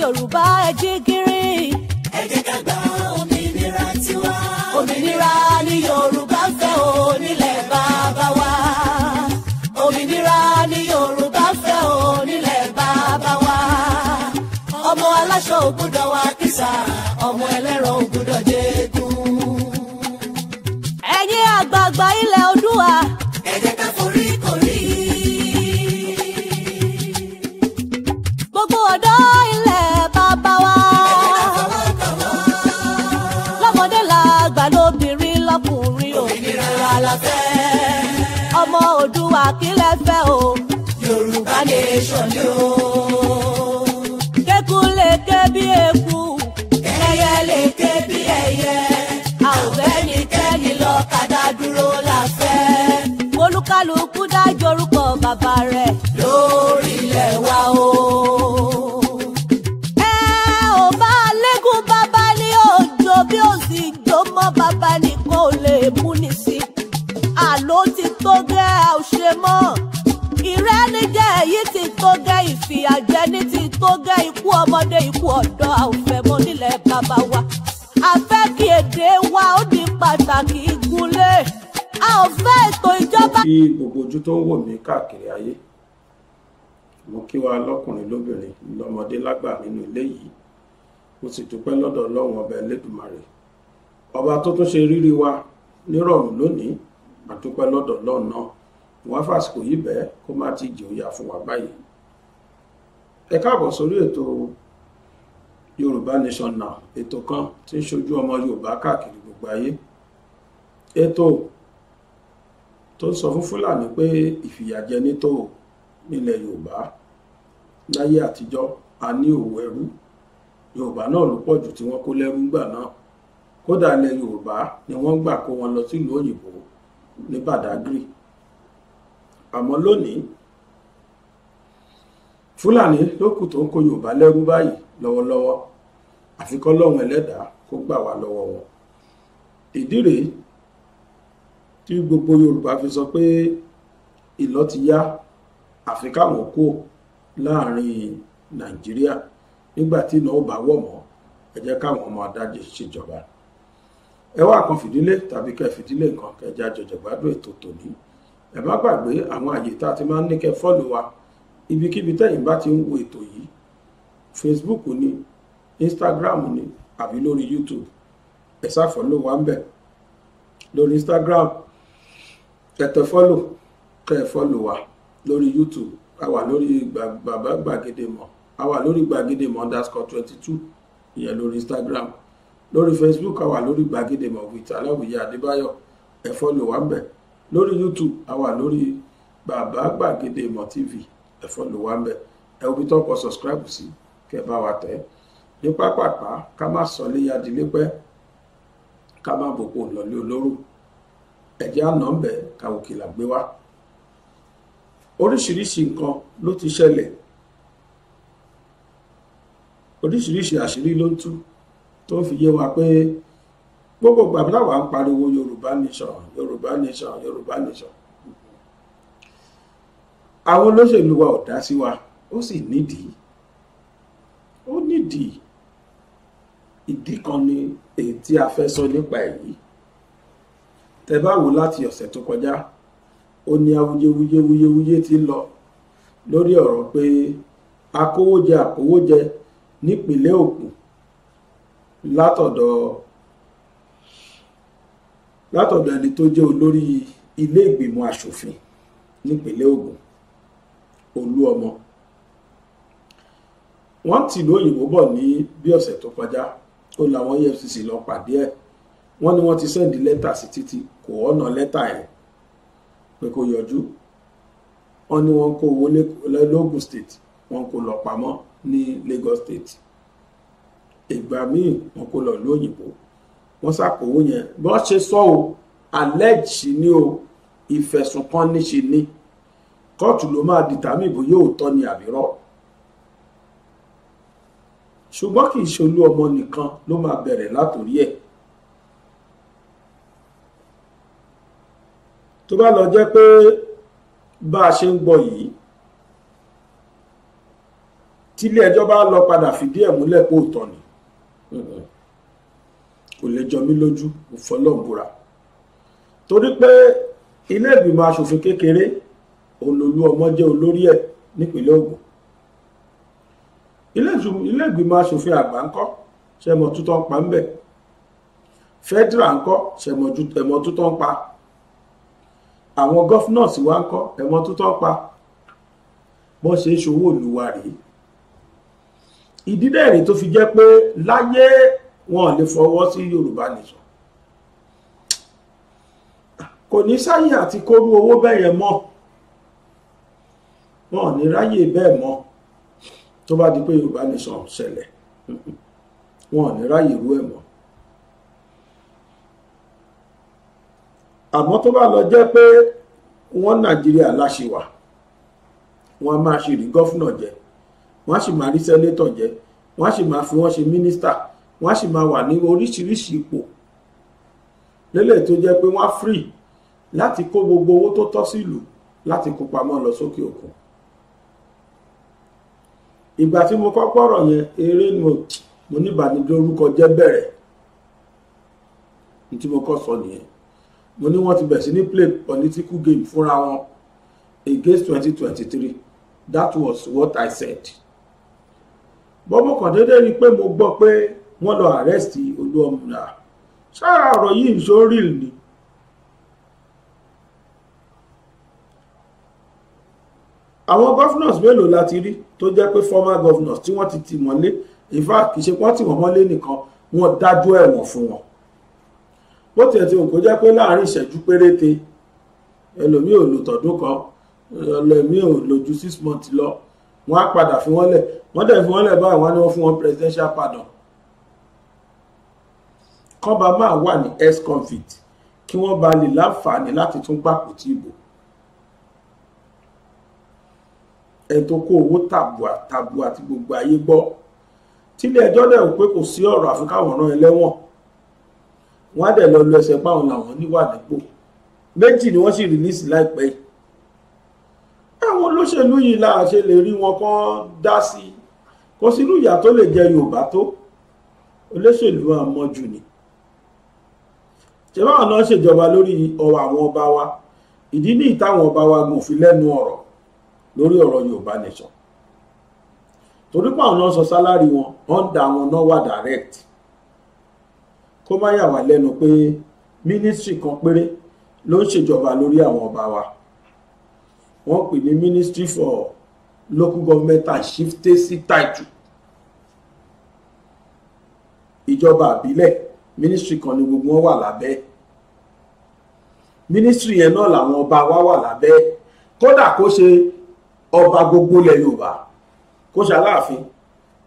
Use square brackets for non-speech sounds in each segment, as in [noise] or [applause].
Yorùbá ẹ jí gírí. ẹ jẹ́ ká gba òmìnira tiwa. òmìnira ni Yorùbá fẹ́ o nílẹ̀ bàbá wa. òmìnira ni Yorùbá fẹ́ o bàbá wa. ọmọ aláṣọ ò gbọ́dọ̀ kìsà ọmọ ẹlẹ́rọ ò gbọ́dọ̀ ẹ̀yin àgbààgbà ilẹ̀. kí fẹ́ o. Yorùbá nation ni o. Kékun lè ké bí eku. Ẹyẹ lè ké bí ẹyẹ. A ò fẹ́ ní kẹ́ni lọ́kadà dúró la fẹ́. Olúkálùkù dá jorúkọ bàbá rẹ̀. ọmọdé ikú ọ̀dọ́ a ò fẹ́ mọ́ nílẹ̀ bàbá wa. a fẹ́ kí èdè wa ó di pàtàkì ìgúnlẹ̀ a ò fẹ́ ètò ìjọba. kí gbogbo ojú tó ń wò mí káàkiri ayé mo kí wa lọ́kùnrin lóbìnrin lọ́mọdé lágbà nínú ilé yìí mo sì dúpẹ́ lọ́dọ̀ ọlọ́run ọba ẹlẹ́dùmarè ọba tó tún ṣe rírí wa nírọ̀rùn lónìí àdúpẹ́ lọ́dọ̀ ọlọ́run náà wọ́n fàsìkò yìí bẹ́ẹ̀ kó má ti jòyà fún wa báyìí ẹ káàbọ̀ sórí ètò yorùbá nation now ètò kan tí ń ṣojú ọmọ yorùbá káàkiri gbogbo ayé ètò tó ń sọ fún fúlàní pé ìfìyàjẹni tó nílẹ̀ yorùbá láyé àtijọ́ a ní òwò ẹrú yorùbá náà ló pọ̀jù tí wọ́n kó lẹ́rú ńgbà náà kódà ilẹ̀ yorùbá ni wọ́n gbà kó wọn lọ sílùú òyìnbó ní badagry àmọ́ lónìí fúlàní ló tó ń kó yorùbá lẹ́rú báyìí lọ́wọ́lọ́wọ́ àfi kọ́lọ́run ẹlẹ́dàá kó gbà wá lọ́wọ́ wọn ìdí rèé tí gbogbo Yorùbá fi sọ pé ìlọ́ ti yá àfi káwọn kó láàrin Nàìjíríà nígbà tí iná ó bá wọ̀ mọ́ ẹ jẹ́ káwọn ọmọ adájọ́ ṣèjọba ẹ wá kan fìdílé tàbí kẹ fìdílé nǹkan kẹjá jọjọ gbádùn ètò tòní ẹ má gbàgbé àwọn àyè tá a ti máa ń ní kẹ fọ́ọ̀lù wa ibikíbi tẹ́yìn bá ti ń wo ètò yìí facebook ni instagram ni àbí lórí youtube ẹ ṣá follow wa ń bẹ̀ lórí instagram ẹ tẹ follow kẹ́ ẹ follow wa lórí youtube a wà lórí bàbá gbàgede mọ̀ a wà lórí gbàgede mọ̀ underscore twenty two ìyẹn lórí instagram lórí facebook a wà lórí gbàgede mọ̀ with aláwìyé adébáyọ̀ ẹ follow wa ń bẹ̀ lórí youtube a wà lórí bàbá gbàgede mọ̀ tv ẹ follow wa ń bẹ̀ ẹ obi tó kọ subscribe sí. Si kẹ bá wa tẹ̀ ní pápápá ká má sọ léyà dílé pẹ́ ká má bòkó lọ́lé olóró ẹ̀jẹ̀ àná ń bẹ̀ káwọ́ kìlà gbé wá oríṣiríṣi nǹkan ló ti ṣẹlẹ̀ oríṣiríṣi àṣírí ló ń tú tó fi yé wa pé gbogbo gbàgbọ́dá wa ń pariwo Yorùbá nation Yorùbá nation Yorùbá nation àwọn olóṣèlú wa ò dá sí wa ó sì nídìí ó nídìí ìdí kan ni èyí tí a fẹ́ sọ nípa èyí tẹ bá wò láti ọ̀sẹ̀ tó kọjá ó ní awuyewuye wuyewuye ti ń lọ lórí ọ̀rọ̀ pé akówójẹ àkówójẹ nípínlẹ̀ Ògùn látọ̀dọ̀ látọ̀dọ̀ ẹni tó jẹ́ olórí ilé ìgbìmọ̀ asòfin nípínlẹ̀ Ògùn Olúọmọ wọ́n tì ló òyìnbó bọ̀ ní bí ọ̀sẹ̀ tó kọjá ó làwọn efcc lọ pàdé ẹ̀ wọ́n ní wọ́n ti sẹ́ndì lẹ́tà sí títí kò ọ̀nà lẹ́tà ẹ̀ pé kó yọjú wọ́n ní wọ́n kó owó lógùn state wọ́n kó lọ pamọ́ ní Lagos state ìgbà míì wọ́n kó lọ lóyìnbó wọ́n ṣàkówó yẹn bí wọ́n ṣe sọ o allege ni o ìfẹ̀sùnkàn níṣe ni kóòtù ló máa dìtàmì bó yóò tọ́ ni àbírọ́ ṣùgbọ́n kì í ṣe olú ọmọ nìkan ló máa bẹ̀rẹ̀ látòrí ẹ̀ tó bá lọ jẹ́ pé bá a ṣe ń gbọ́ yìí tílé ẹjọ́ bá lọ padà fìdí ẹ̀ múlẹ̀ pé òótọ́ ni kò lè jọ mí lójú kò fọlọ́ọ̀ búra torí pé ilé ìgbìmọ̀ asòfin kékeré òun lolú ọmọ jẹ́ olórí ẹ̀ nípínlẹ̀ Ògùn ilé ìgbìmọ̀ asòfin àgbà ńkọ́ ṣẹmọ tuntun pa ńbẹ federal ńkọ́ ṣẹmọ tuntun pa àwọn gọfúnọọsì wa ńkọ́ ẹmọ tuntun pa bọ́n ṣe ń ṣòwò olùwà rèé ìdílé rèé tó fi jẹ́ pé láyé wọn ò lè fọwọ́ sí Yorùbá nìṣọ́ kò ní sáyè àti kórú owó bẹ́ẹ̀ yẹn mọ́ wọn ò ní ráyè bẹ́ẹ̀ mọ́ tó bá di pé yorùbá nation ṣẹlẹ̀ wọn ò ní ráyè irú ẹ̀ mọ́ àmọ́ tó bá lọ jẹ́ pé wọ́n nàìjíríà láṣìwà wọ́n a máa ṣe rí gọ́fúnà jẹ wọ́n á sì máa rí sẹ́nétọ̀ jẹ wọ́n á sì máa fi wọ́n ṣe mínísítà wọ́n á sì máa wà ní oríṣiríṣi ipò lélẹ̀ tó jẹ́ pé wọ́n á free láti kó gbogbo owó tó tọ́ sí ìlú láti kó pamọ́ lọ sókè òkun ìgbà tí mo kọ́kọ́ ọ̀rọ̀ yẹn eré ni mo ní ìbànújẹ́ orúkọ jẹ́ bẹ̀rẹ̀ ní tí mo kọ́ sọ nìyẹn mo ní wọ́n ti bẹ̀rẹ̀ sí ní play political game fúnra wọn against twenty twenty three that was what I said bọ́mọ̀ kàn déédéé rí i pé mo gbọ́ pé wọ́n lọ arrest Olúọmúlà ṣáà ọ̀rọ̀ yìí ń sọ real ni àwọn governors mélòó la ti rí tó jẹ́ pé former governors tí wọ́n ti tì mọ́lé in fact kì í ṣe wọ́n tì wọ́n mọ́lé nìkan wọ́n dájú ẹ̀wọ̀n fún wọn bó tiẹ̀ ti òkú jẹ́ pé láàrin ìṣẹ́jú péréte ẹlòmíì ò lò tọdún kan ẹlòmíì ò lò ju six months lọ wọ́n á padà fi wọ́n lẹ̀ wọ́n dẹ̀ fi wọ́n lẹ̀ báyìí wọ́n ní wọ́n fún wọn presidential pardon kọ́ba máa wà ní ex-convict kí wọ́n ba lè láǹfààní láti tún gbàpò tí ìbò ẹni tó kó owó tàbùà tàbùà tí gbogbo ayé gbọ́ tílé ẹjọ́ dẹ̀ wò pé kò sí ọ̀rọ̀ àfi rán ẹlẹ́wọ̀n wọ́n á dẹ̀ lọ lu ẹsẹ̀ páwọn làwọn níwà nípò méjì ni wọ́n sì rìlíìsì láìpẹ́ yìí àwọn olóṣèlú yìí là ṣe lè rí wọn kán dá sí i kò sínú ìyà tó lè jẹ Yorùbá tó olóṣèlú àmọ́jù ni ṣé báwọn náà ṣèjọba lórí ọwọ́ àwọn ọba wa ìdí ní ìtàwọn ọba wa gùn fi lẹ́nu ọ̀rọ̀ lórí ọ̀rọ̀ Yorùbá nation torí pé àwọn náà sọ sálárì wọn ọ̀ǹda wọn náà wà direct kó má yà wá lẹ́nu pé mínísítírì kan péré ló ń ṣèjọba lórí àwọn ọba wa wọ́n pè ní ministry for local government and chieftaincy title ìjọba àbílẹ̀ ministry kan ni gbogbo wọn wà lábẹ́ ministry yẹn náà làwọn ọba wa wà lábẹ́ kódà kó ṣe ọba gbogbo ilẹ̀ yorùbá kó ṣe aláàfin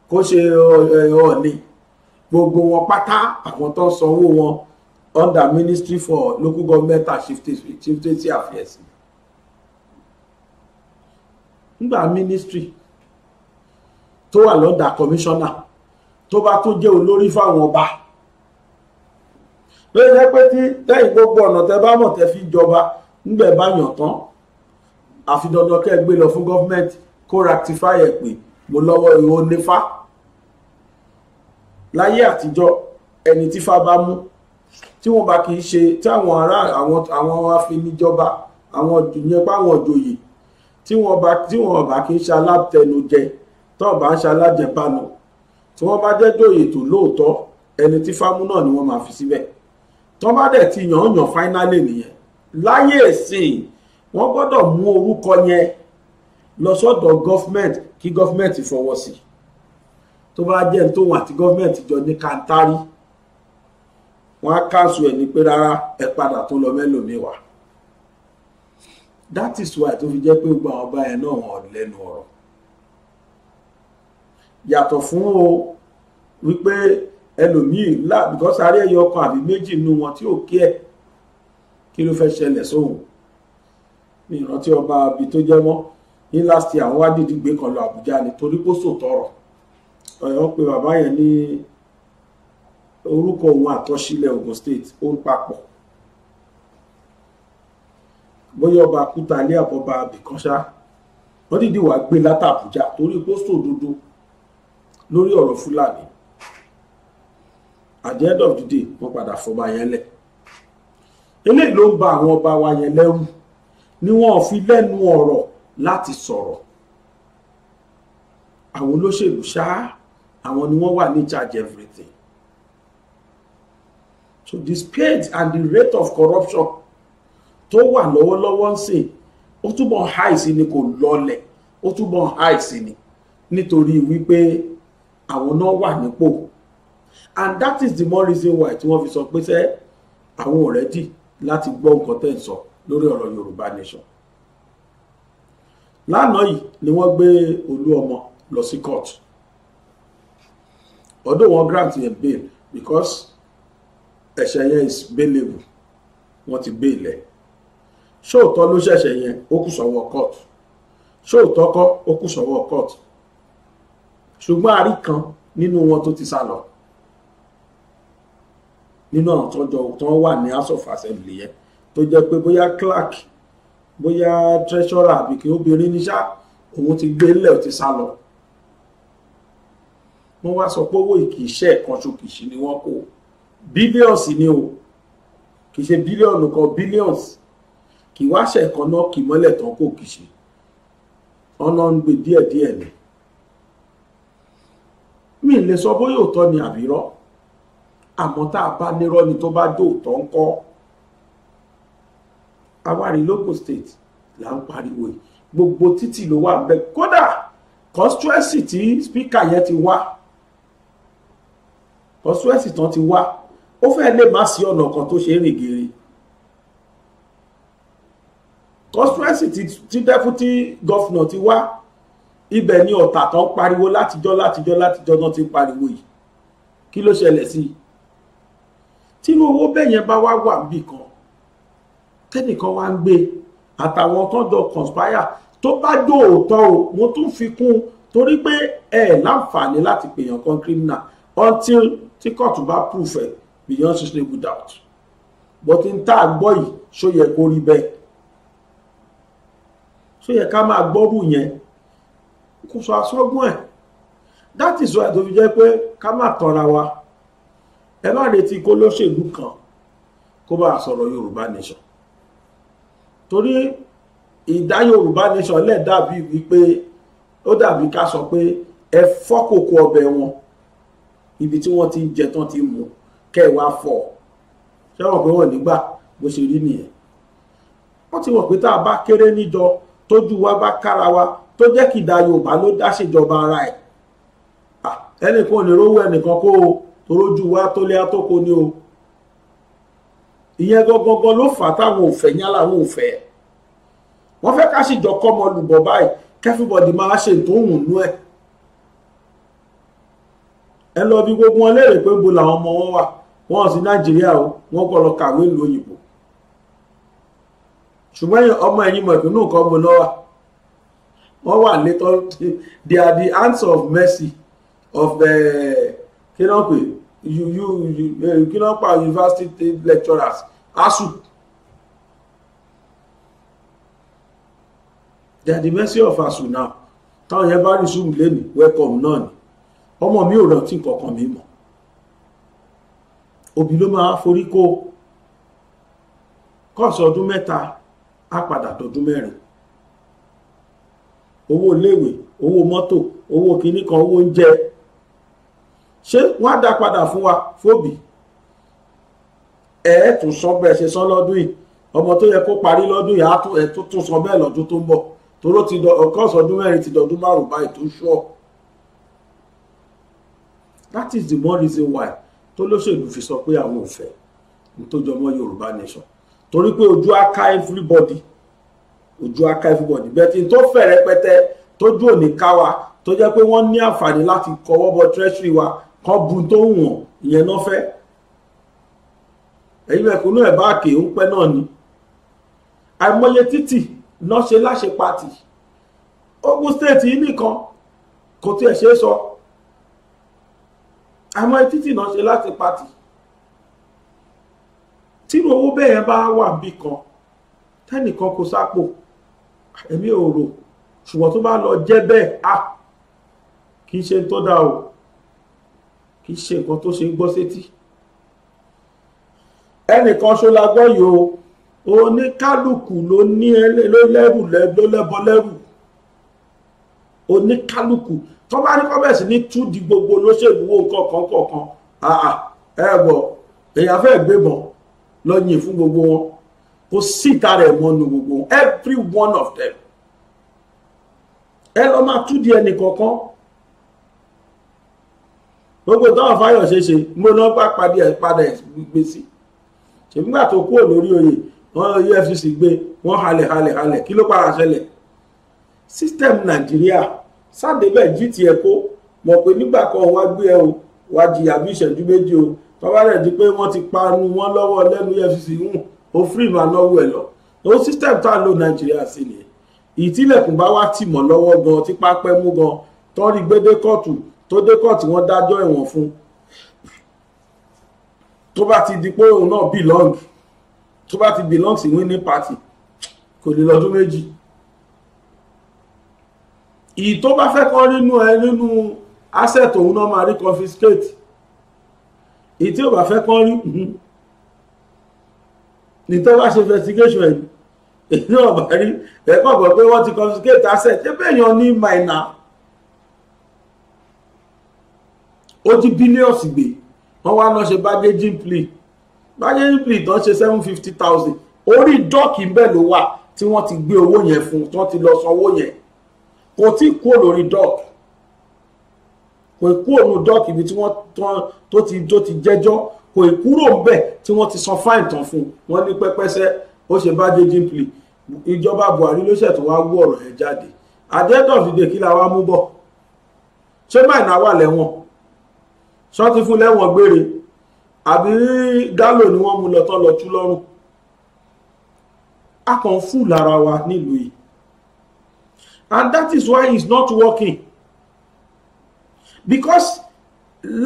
kó ṣe ọọ̀ni gbogbo wọn pátá àwọn tó ń sanwó wọn under ministry for local government and chieftaincy affairs nígbà ministry tó wà lọ́dà commissioner tó bá tún jẹ́ olórí fáwọn ọba lóye jẹ́ pé tí lẹ́yìn gbogbo ọ̀nà tẹ́ bá mọ̀ tẹ́ fi jọba níbẹ̀ bá yàn tán àfi dandan kẹ́ ẹ gbé lọ fún gọ́fíńmẹ́ǹtì kó rectify ẹ̀ pé mo lọ́wọ́ ìhó nífà láyé àtijọ́ ẹni tífà bá mú tí wọ́n bá kì í ṣe tí àwọn ará àwọn àwọn afinijọba àwọn ìyẹn páwọn òjòyè tí wọ́n bá tí wọ́n bá kì í ṣe alátẹnujẹ tó bá ń ṣe alájẹbánu tí wọ́n bá jẹ́ jòyè tó lóòótọ́ ẹni tí fámú náà ni wọ́n máa fi síbẹ̀ tó bá dẹ̀ ti yàn án yàn fáínálì nìyẹn láyé ẹ̀sìn wọ́n gbọ́dọ̀ mú orúkọ yẹn lọ sọ́dọ̀ gọ́fmẹ̀ntì kí gọ́fmẹ̀ntì fọwọ́ sí tó bá jẹ́ tóun àti gọ́fmẹ̀ntì jọ ní kàńtárì wọ́n á káàsù ẹ̀ ní pé rárá ẹ padà tó lọ mẹ́lòmíì wá that is why tó fi jẹ́ pé gbogbo àwọn ọba yẹn náà wọ́n lẹ́nu ọ̀rọ̀ yàtọ̀ fún o wípé ẹlòmíì lá bìkọ́sì àárẹ̀ yọ ọkàn àbí méjì nínú wọn tí ò kí ẹ̀ kí ló fẹ́ ṣẹlẹ̀ sóhun. So mi ìrántí ọba abi tó jẹ́ mọ́ ní last year àwọn wá dìdí gbé kan lọ Àbújá ni torí kó sòótọ́ ọ̀rọ̀ ọ̀yọ́ pé bàbá yẹn ní orúkọ òun àtọ́sílẹ̀ Ogun State ó ń papọ̀ bóyá ọba kúta ilé àbọ̀bá abìkan ṣá wọ́n dìde wàá gbé látàbújá torí kó sòdodo lórí ọ̀rọ̀ Fúlàní at the end of the day wọ́n padà fọba yẹn lẹ̀ eléyìí ló ń ba àwọn ọba wa yẹn lẹ́rù ni wọn ò fi lẹ́nu ọ̀rọ̀ láti sọ̀rọ̀ àwọn olóṣèlú ṣáá àwọn ni wọ́n wà ní charge everything so the speed and the rate of corruption tó wà lọ́wọ́lọ́wọ́ ń sìn ó túbọ̀ ń háì sí ni kò lọlẹ̀ ó túbọ̀ ń háì sí ni nítorí wípé àwọn náà wà nípò and that is the more reason why tí wọ́n fi sọ pé sẹ́ àwọn ò rẹ́dì láti gbọ́ nǹkan tẹ̀ ń sọ. So lórí ọ̀rọ̀ Yorùbá Nation lánàá yìí ni wọ́n gbé Olúọmọ lọ sí court ọdún wọn grant yẹn bail because ẹ̀ṣẹ̀ yẹn is bailable wọ́n ti bail ẹ̀ ṣóòtọ́ ló ṣẹ̀ṣẹ̀ yẹn ó kù sọ́wọ́ court ṣóòtọ́ kọ́ ó kù sọ́wọ́ court ṣùgbọ́n a rí kan nínú wọn tó ti sá lọ nínú àwọn tó wà ní house of assembly yẹn tó jẹ́ pé bóyá clerk bóyá treasurer àbí kí obìnrin ní ṣá òun ti gbé lẹ̀ ti sá lọ wọ́n wá sọ pé owó ìkìṣẹ́ kan ṣokìṣì ni wọ́n kó bílíọ̀nsì ni o kì í ṣe bílíọ̀nù kan bílíọ̀nsì kì wá ṣẹ̀kan náà kì mọ́lẹ̀ tán kò kì í ṣe ọ̀nà ń gbé díẹ̀díẹ̀ ni mi lè sọ bóyá òótọ́ ni àbírọ́ àmọ́ tá a bá nírọ́ ni tó bá dóòtọ́ ń kọ́ awárí local state là ń pariwo yìí gbogbo títì ló wà bẹ́ẹ̀ kódà constituency tí speaker yẹn ti wá constituency tán ti wá ó fẹ́ lè má sí ọ̀nà kan tó ṣe é rìn gèrè constituency ti ti deputy governor ti wá ibẹ̀ ni ọ̀tà kan pariwo látijọ́ látijọ́ látijọ́ náà ti pariwo yìí kí ló ṣẹlẹ̀ sí i tínú owó bẹ́ẹ̀ yẹn bá wá wà níbì kan tẹ́nìkan wá ń gbé àtàwọn tó jọ conspire tó bá dòótọ́ o mo tún fi kún un torí pé ẹ láǹfààní láti pèèyàn kan criminal until tí kóòtù bá prove ẹ beyond reasonable doubt but n tá a gbọ́ yìí ṣó yẹ kó rí bẹ́ẹ̀ ṣó yẹ ká máa gbọ́rù yẹn kò sọ asọ́gbọ́n ẹ̀ that is why tó fi jẹ́ pé ká má tọ́ra wa ẹ má retí kó lóṣèlú kan kó bá a sọ̀rọ̀ Yorùbá nation torí ìdá yorùbá nation lẹ̀ dàbí wípé ó dàbí ká sọ pé ẹ fọ́ kòkò ọbẹ̀ wọn ibi tí wọ́n ti ń jẹ tán ti mú kẹwàá fọ̀ ṣẹ́wọ̀n pé wọ́n nígbà bó ṣe rí nìyẹn wọ́n ti mọ̀ pé tá a bá kéré níjọ tójú wa bá kára wa tó jẹ́ kí ìdá yorùbá ló dá ṣèjọba ara ẹ̀ ẹnìkan ò ní rówó ẹnìkan kó o torójú wa tó lé àtòkò ni o. Ah, ìyẹn gọgọgọ ló fà táwọn òfẹ yẹn làwọn òfẹ wọn fẹ́ ká sì jọ kọ ọmọ lùbọ báyìí kẹfìbọdì máa ṣe tó hùn nú ẹ ẹ lọ bí gbogbo wọn léèrè pé bo làwọn ọmọ wọn wà wọn sí nàìjíríà o wọn kọ lọ kàwé ìlú òyìnbó ṣùgbọ́n ọmọ ẹ̀yìn mọ̀ ìpínlẹ̀ kan bo lọ́wà wọ́n wà létọ́ they are the hands of mercy of kí ló ń pè é you you you eh, kí ló ń pa university lecturers asu they are the mercy of asu now táwọn yẹn bá rí zoom lẹ́nu welcome náà ni ọmọ mi ò rántí kankan mi mọ̀ òbí ló máa forí kó kọ́ọ̀sì ọdún mẹ́ta á padà dọdún mẹ́rin owó iléèwé owó mọ́tò owó kinní kan owó oúnjẹ ṣé wọ́n á dá padà fún wa fóbi ẹ tún sọ bẹ́ẹ̀ ṣe sọ lọ́dún yìí ọmọ tó yẹ kó parí lọ́dún yìí á tún sọ bẹ́ẹ̀ lọ́dún tó ń bọ̀ toró ti dọ ọ̀kan ọ̀sọ̀dún mẹ́rin ti dọ̀dún márùn-ún báyìí tó ṣọ́ that is the one reason why tó lóṣèlú fi sọ pé àwọn ò fẹ́ tó jọmọ́ Yorùbá nation torí pé ojú aká everybody ojú aká everybody bẹ́ẹ̀ tó fẹ̀ rẹpẹtẹ tójú òní ká wa tó jẹ́ pé wọ́n ní àǹfààní láti kọwọ́ bọ treasury wa kọ́ bu tó ń wọ̀n ìyẹn náà fẹ́ ẹ̀yin ẹ̀kúnú ẹ̀ bá kè ń pẹ́ náà ni àìmọye títì náà ṣe láṣẹ pàtì Ogun State yìí nìkan kò tiẹ̀ ṣe é sọ àìmọye títì náà ṣe láti pàtì tírú owó bẹ́ẹ̀ bá wà bí kan tẹ́nìkan kò sápò ẹ̀mí ò ṣùgbọ́n tó bá lọ jẹ́ bẹ́ẹ̀ à kì í ṣe tó dáa o kì í ṣe nǹkan tó ṣe gbọ́ sétí ẹnìkan ṣó la gbọ́ yìí o oníkálùkù ló ní ló lẹ́rù ló lẹ́bọ lẹ́rù oníkálùkù tó bá ní kọ́bẹ̀sì ní túdi gbogbo olóṣèlú wo kọ̀ọ̀kan kọ̀ọ̀kan ẹ wọ èèyàn fẹ́ gbébọn lọ yìn fún gbogbo wọn kò síta rẹ̀ mọ́nu gbogbo wọn every one of them ẹ lọ máa túdi ẹnì kọ̀ọ̀kan gbogbo táwọn fáyọ̀ṣe ṣe mo náà gbà padà ẹ̀ padà ẹ̀ gbé sí ṣèbí gbà tó kúrò lórí oyè wọn efcc gbé wọn halẹ̀ halẹ̀ halẹ̀ kí ló para ṣẹlẹ̀ system nàìjíríà sádébẹ̀ jí tiẹ̀ kó mọ̀ pé nígbà kan wá gbé ẹ o wá jìyà bí ìṣẹ́jú méjì o bàbá rẹ̀ di pé wọ́n ti panu wọn lọ́wọ́ lẹ́nu efcc hùn ó free ma lọ́wọ́ ẹ̀ lọ ó system tá a lo nàìjíríà sí nìyẹn ìtìlẹ̀kùn bá wá tìmọ̀ lọ́wọ́ gan tí pápẹ́ mú gan tọ́rí gbédé kóòtù tó dé kóòtù wọ́n dájọ́ ẹ̀wọ̀n fún tó bá ti di pé òun náà belong tó bá ti belong sí winning party kò lè lọ́dún méjì ìyí tó bá fẹ́ kọ́ nínú ẹ nínú asset òun náà máa rí confiscate èyí tí ò bá fẹ́ kọ́ rí ní tó bá ṣe investigation ẹ̀ èyí náà bá rí ẹ̀kọ́ gbọ́ pé wọ́n ti confiscate asset ṣé bẹ́ẹ̀ yan ní minor ó ti billions gbé wọ́n wá lọ ṣe bargaining plea bargaining plea tán ṣe seven fifty thousand orí dọ́ọ̀kì bẹ́ẹ̀ ló wà tí wọ́n ti gbé owó yẹn fún tí wọ́n ti lọ sanwó yẹn kò tí kú lórí dọ́ọ̀kì kò kú òun dọ́ọ̀kì ibi tí wọ́n tó ti tó ti jẹ́jọ́ kò kúrò ńbẹ̀ tí wọ́n ti san fáìn tán fún wọn ní pẹ́pẹ́sẹ́ ó ṣe bargaining plea ìjọba Buhari ló ṣètò wá wú ọ̀rọ̀ yẹn jáde at the kí la wá mú bọ̀ ṣé báyìí wà lẹ́wọ̀n ṣọ́ ti fún lẹ́wọ̀n gbére àbí dálò ni wọ́n mú lọ tán lọ tú lọ́rùn a kàn fún lára wa nílùú yìí and that is why it's not working because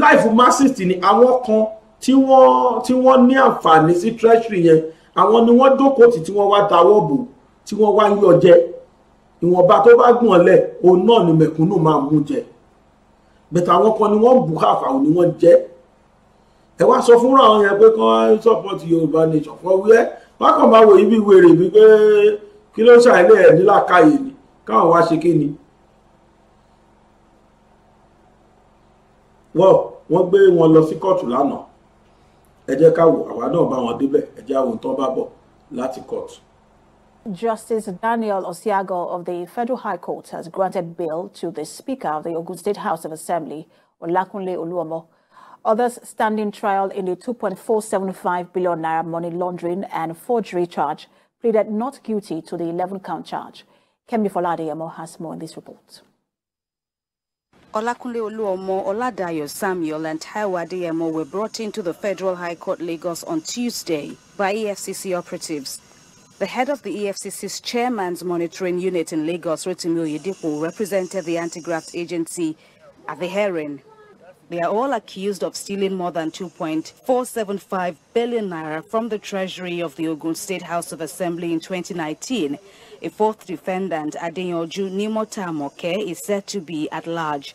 life masses ni àwọn kan tí wọ́n tí wọ́n ní àǹfààní sí treasury yẹn àwọn ni wọ́n dókòó tì tí wọ́n wá dáwọ́ bò tí wọ́n wá ń yọ jẹ ìwọ̀nba tó bá gùn ọ́lẹ̀ òun náà ni mẹ̀kúnnù máa mú jẹ bẹ̀tẹ̀ àwọn kan ni wọ́n ń bù káfà ò ní wọ́n jẹ́ ẹ wá sọ fúnra àwọn yẹn pé kí wọ́n support yorùbá nation fọ́ wíẹ́ wọ́n kàn máa wò yí bí wèrè bí pé kí ló ṣàìlẹ̀ ẹ̀ nílàkàyè ni káwọn wá ṣe kí ni. wọ́n wọ́n gbé wọn lọ sí kóòtù lánàá ẹ jẹ́ ká wò àwa náà bá wọn débẹ̀ ẹ jẹ́ àwọn tó bá bọ̀ láti kóòtù. Justice Daniel Osiago of the Federal High Court has granted bail to the Speaker of the Ogun State House of Assembly, Olakunle Oluomo. Others standing trial in the 2.475 billion naira money laundering and forgery charge pleaded not guilty to the 11-count charge. Kemi Foladeyemo has more in this report. Olakunle Oluomo, Oladayo Samuel, and Taiwo Adeyemo were brought into the Federal High Court Lagos on Tuesday by EFCC operatives the head of the EFCC's Chairman's Monitoring Unit in Lagos, Rotimi Oyedepo, represented the anti-graft agency at the hearing. They are all accused of stealing more than 2.475 billion naira from the treasury of the Ogun State House of Assembly in 2019. A fourth defendant, Adeyanju Nimota is said to be at large.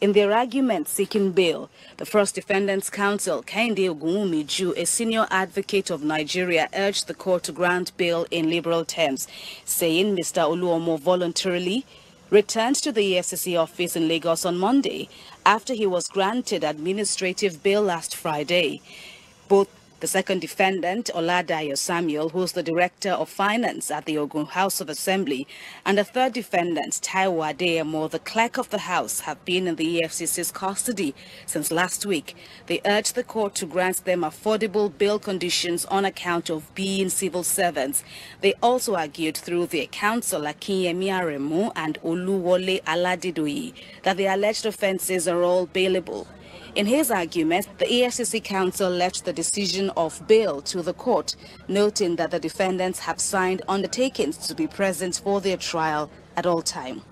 In their argument seeking bail, the first defendant's counsel, Kainde Ogunmiju, a senior advocate of Nigeria, urged the court to grant bail in liberal terms, saying Mr. Oluomo voluntarily returned to the EFCC office in Lagos on Monday after he was granted administrative bail last Friday. Both the second defendant, Oladayo Samuel, who's the Director of Finance at the Ogun House of Assembly, and the third defendant, Taiwa Deyamo, the Clerk of the House, have been in the EFCC's custody since last week. They urged the court to grant them affordable bail conditions on account of being civil servants. They also argued through their counsel, Akinyemi Aremu and Oluwole Aladidoyi, that the alleged offences are all bailable. In his argument, the EFCC Council left the decision of bail to the court, noting that the defendants have signed undertakings to be present for their trial at all time.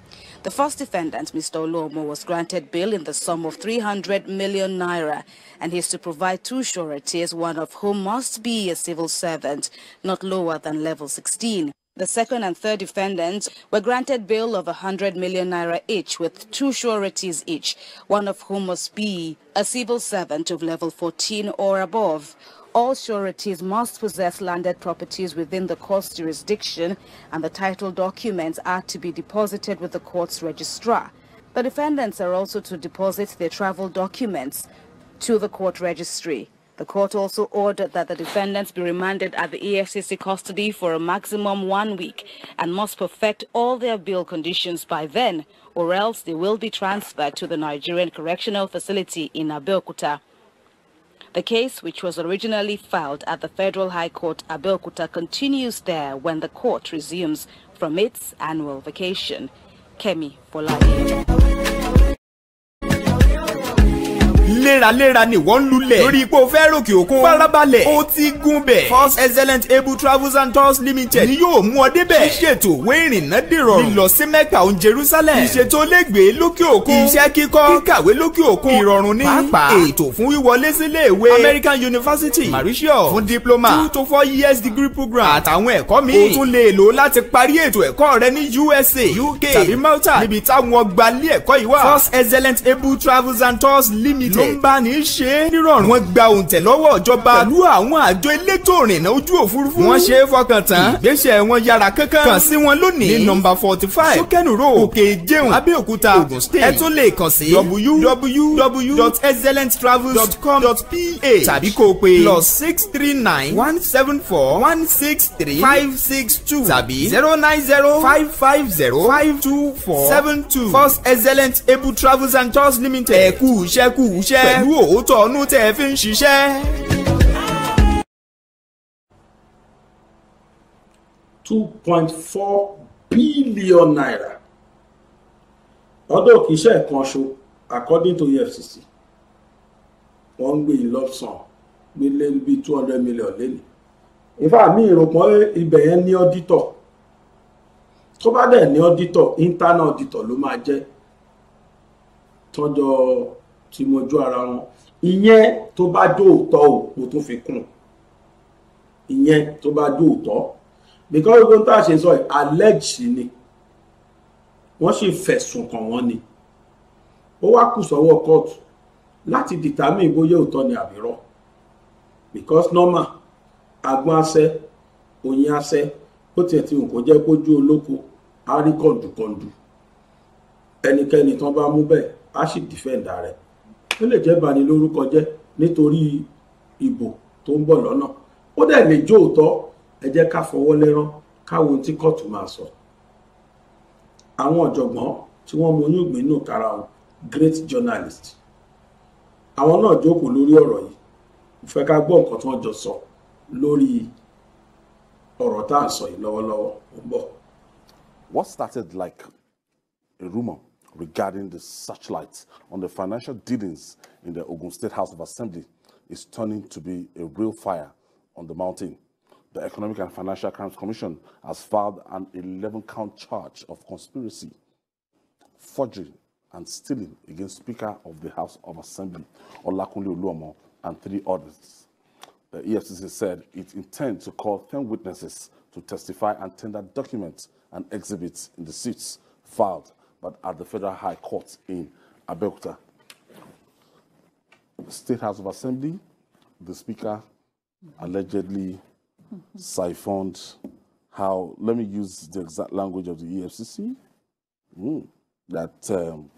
The first defendant, Mr. Olomo, was granted bail in the sum of 300 million naira, and he is to provide two sureties, one of whom must be a civil servant, not lower than level 16. The second and third defendants were granted bail of 100 million naira each with two sureties each, one of whom must be a civil servant of level 14 or above. All sureties must possess landed properties within the court's jurisdiction and the title documents are to be deposited with the court's registrar. The defendants are also to deposit their travel documents to the court registry. The court also ordered that the defendants be remanded at the EFCC custody for a maximum one week and must perfect all their bail conditions by then, or else they will be transferred to the Nigerian Correctional Facility in Abeokuta. The case, which was originally filed at the Federal High Court Abeokuta, continues there when the court resumes from its annual vacation. Kemi Folayi. léraléra ni wọ́n lulẹ̀ lórí ipò fẹ́ òkun farabalẹ̀ ó ti gún bẹ̀ first excellent able travels and tours limited ni yóò mú ọ débẹ̀ ṣètò ìwé ìrìnnà dìrọ̀rùn lílọ sí mẹ́kà òun jerusalem ìṣètò lẹ́gbẹ̀ẹ́ lókè òkun iṣẹ́ kíkọ́ kíkàwé lókè òkun ìrọ̀rùn ní pàápàá ètò fún wíwọlé sílé ìwé american university mauritius fún diploma two to four years degree program àtàwọn ẹ̀kọ́ míì o tún lè lò láti parí ètò ẹ̀kọ́ rẹ ní usa uk tàbí malta níbi táwọn gbalé ẹ̀kọ́ yìí wà first excellent able travels and tours limited ń bá ní ṣe é nírọ̀rùn. wọ́n gba òǹtẹ̀ lọ́wọ́ ìjọba pẹ̀lú àwọn àjọ elétò ìrìnnà ojú òfurufú. wọ́n ṣe é fọkàn tán ìgbésẹ̀ wọn yára kankan kàn sí wọn lónìí ní nọ́mbà forty five sókẹ́nù road òkè ìjẹun abẹ́òkúta Ògùn state ẹ tún lè kàn sí www.excellencetravel.com.ph tàbí kó o pè plus six three nine one seven four one six three five six two tàbí zero nine zero five five zero five two four seven two first excellent ebu travels and tours limited ẹ̀kú ṣẹ́kù ṣẹ́ pẹ̀lú òótọ́ ọ̀nù tẹ́ ẹ fi ń ṣiṣẹ́. two point four billion naira ọdún òkè iṣẹ́ kan according to EFCC wọ́n ń gbé ìlọ́sàn gbélé bíi two hundred million lẹ́nu ìfà mi ìròpọ̀ ibẹ̀ yẹn ní ọ́dítọ̀ tó bá dẹ̀ ní ọ́dítọ̀ internal ọ́dítọ̀ ló máa jẹ́ tọ́jọ́ tí mo jó ara wọn ìyẹn tó bá dóòtọ́ ò mo tún fi kún ìyẹn tó bá dóòtọ́ because gbogbo tá a ṣe sọ yìí alleged ni wọ́n sì fẹ̀sùn kàn wọ́n ni ó wá kù sọ́wọ́ kóòtù láti determine bóyá òótọ́ ni àbírọ́ because normal agbọ́n asẹ́ oyin asẹ́ ó tiẹ̀ ti hùn kó jẹ́ kójú olóko á rí kọ̀ǹdùkọ̀ǹdù ẹnikẹ́ni tán bá mú bẹ́ẹ̀ á sì defend rẹ̀ ó lè jẹ́ bani lórúkọ jẹ́ nítorí ìbò tó ń bọ̀ lọ́nà ó dẹ̀ lè jó òótọ́ ẹ jẹ́ ká fọwọ́ lẹ́rán káwọn tí kóòtù máa sọ àwọn ọ̀jọ̀gbọ́n tí wọ́n mọ oyún ìgbínú kára wọn great journalist àwọn náà jókòó lórí ọ̀rọ̀ yìí mo fẹ́ ká gbọ́ nǹkan tí wọ́n jọ sọ lórí ọ̀rọ̀ tá à ń sọ yìí lọ́wọ́lọ́wọ́ ó ń bọ̀. What started like a rumor regarding the searchlight on the financial dealings in the Ogun State House of Assembly is turning to be a real fire on the mountain. The Economic and Financial Crimes Commission has filed an 11-count charge of conspiracy, forgery, and stealing against Speaker of the House of Assembly, Olakunle Oluomo, and three others. The EFCC said it intends to call 10 witnesses to testify and tender documents and exhibits in the suits filed but at the Federal High Court in Abeokuta. State House of Assembly, the Speaker allegedly siphoned how, let me use the exact language of the EFCC, mm, that um,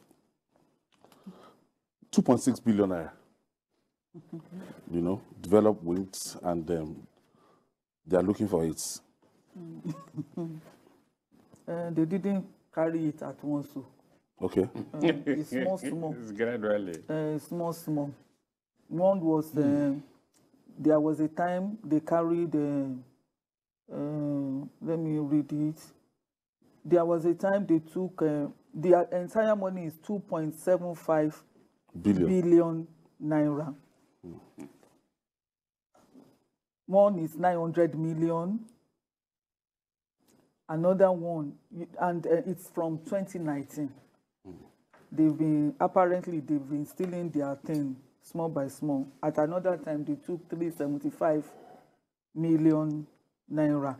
2.6 billion naira, you know, developed wings and um, they are looking for it. [laughs] uh, they didn't carry it at once o. okay. Um, it's small [laughs] small. it's gradually. Uh, small small. One was mm. there was a time they carried. Uh, um, let me read it. There was a time they took uh, the entire money is two point seven five billion billion naira. Mm. One is nine hundred million another one, and uh, it's from 2019. Mm. They've been, apparently, they've been stealing their thing small by small. At another time, they took 375 million naira.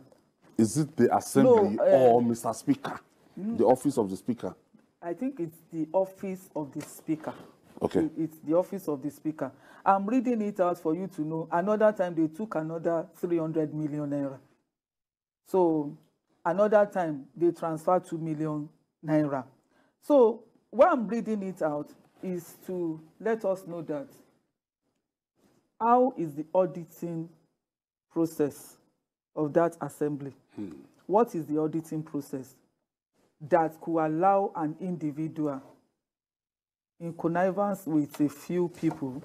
Is it the assembly no, uh, or Mr. Speaker? Mm, the office of the speaker? I think it's the office of the speaker. Okay. It's the office of the speaker. I'm reading it out for you to know. Another time, they took another 300 million naira. So another time they transfer two million naira so why i'm reading it out is to let us know that how is the auditing process of that assembly hmm. what is the auditing process that could allow an individual in connivance with a few people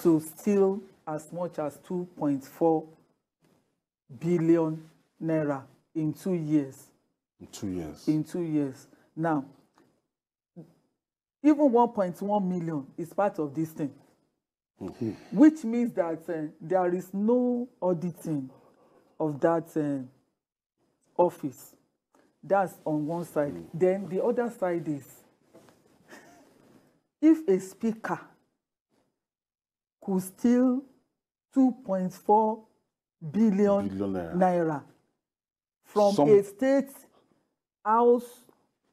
to steal as much as 2.4 billion naira in two years. In two years. In two years. Now, even 1.1 million is part of this thing. Mm-hmm. Which means that uh, there is no auditing of that uh, office. That's on one side. Mm. Then the other side is [laughs] if a speaker could steal 2.4 billion, billion naira. naira from some, a state house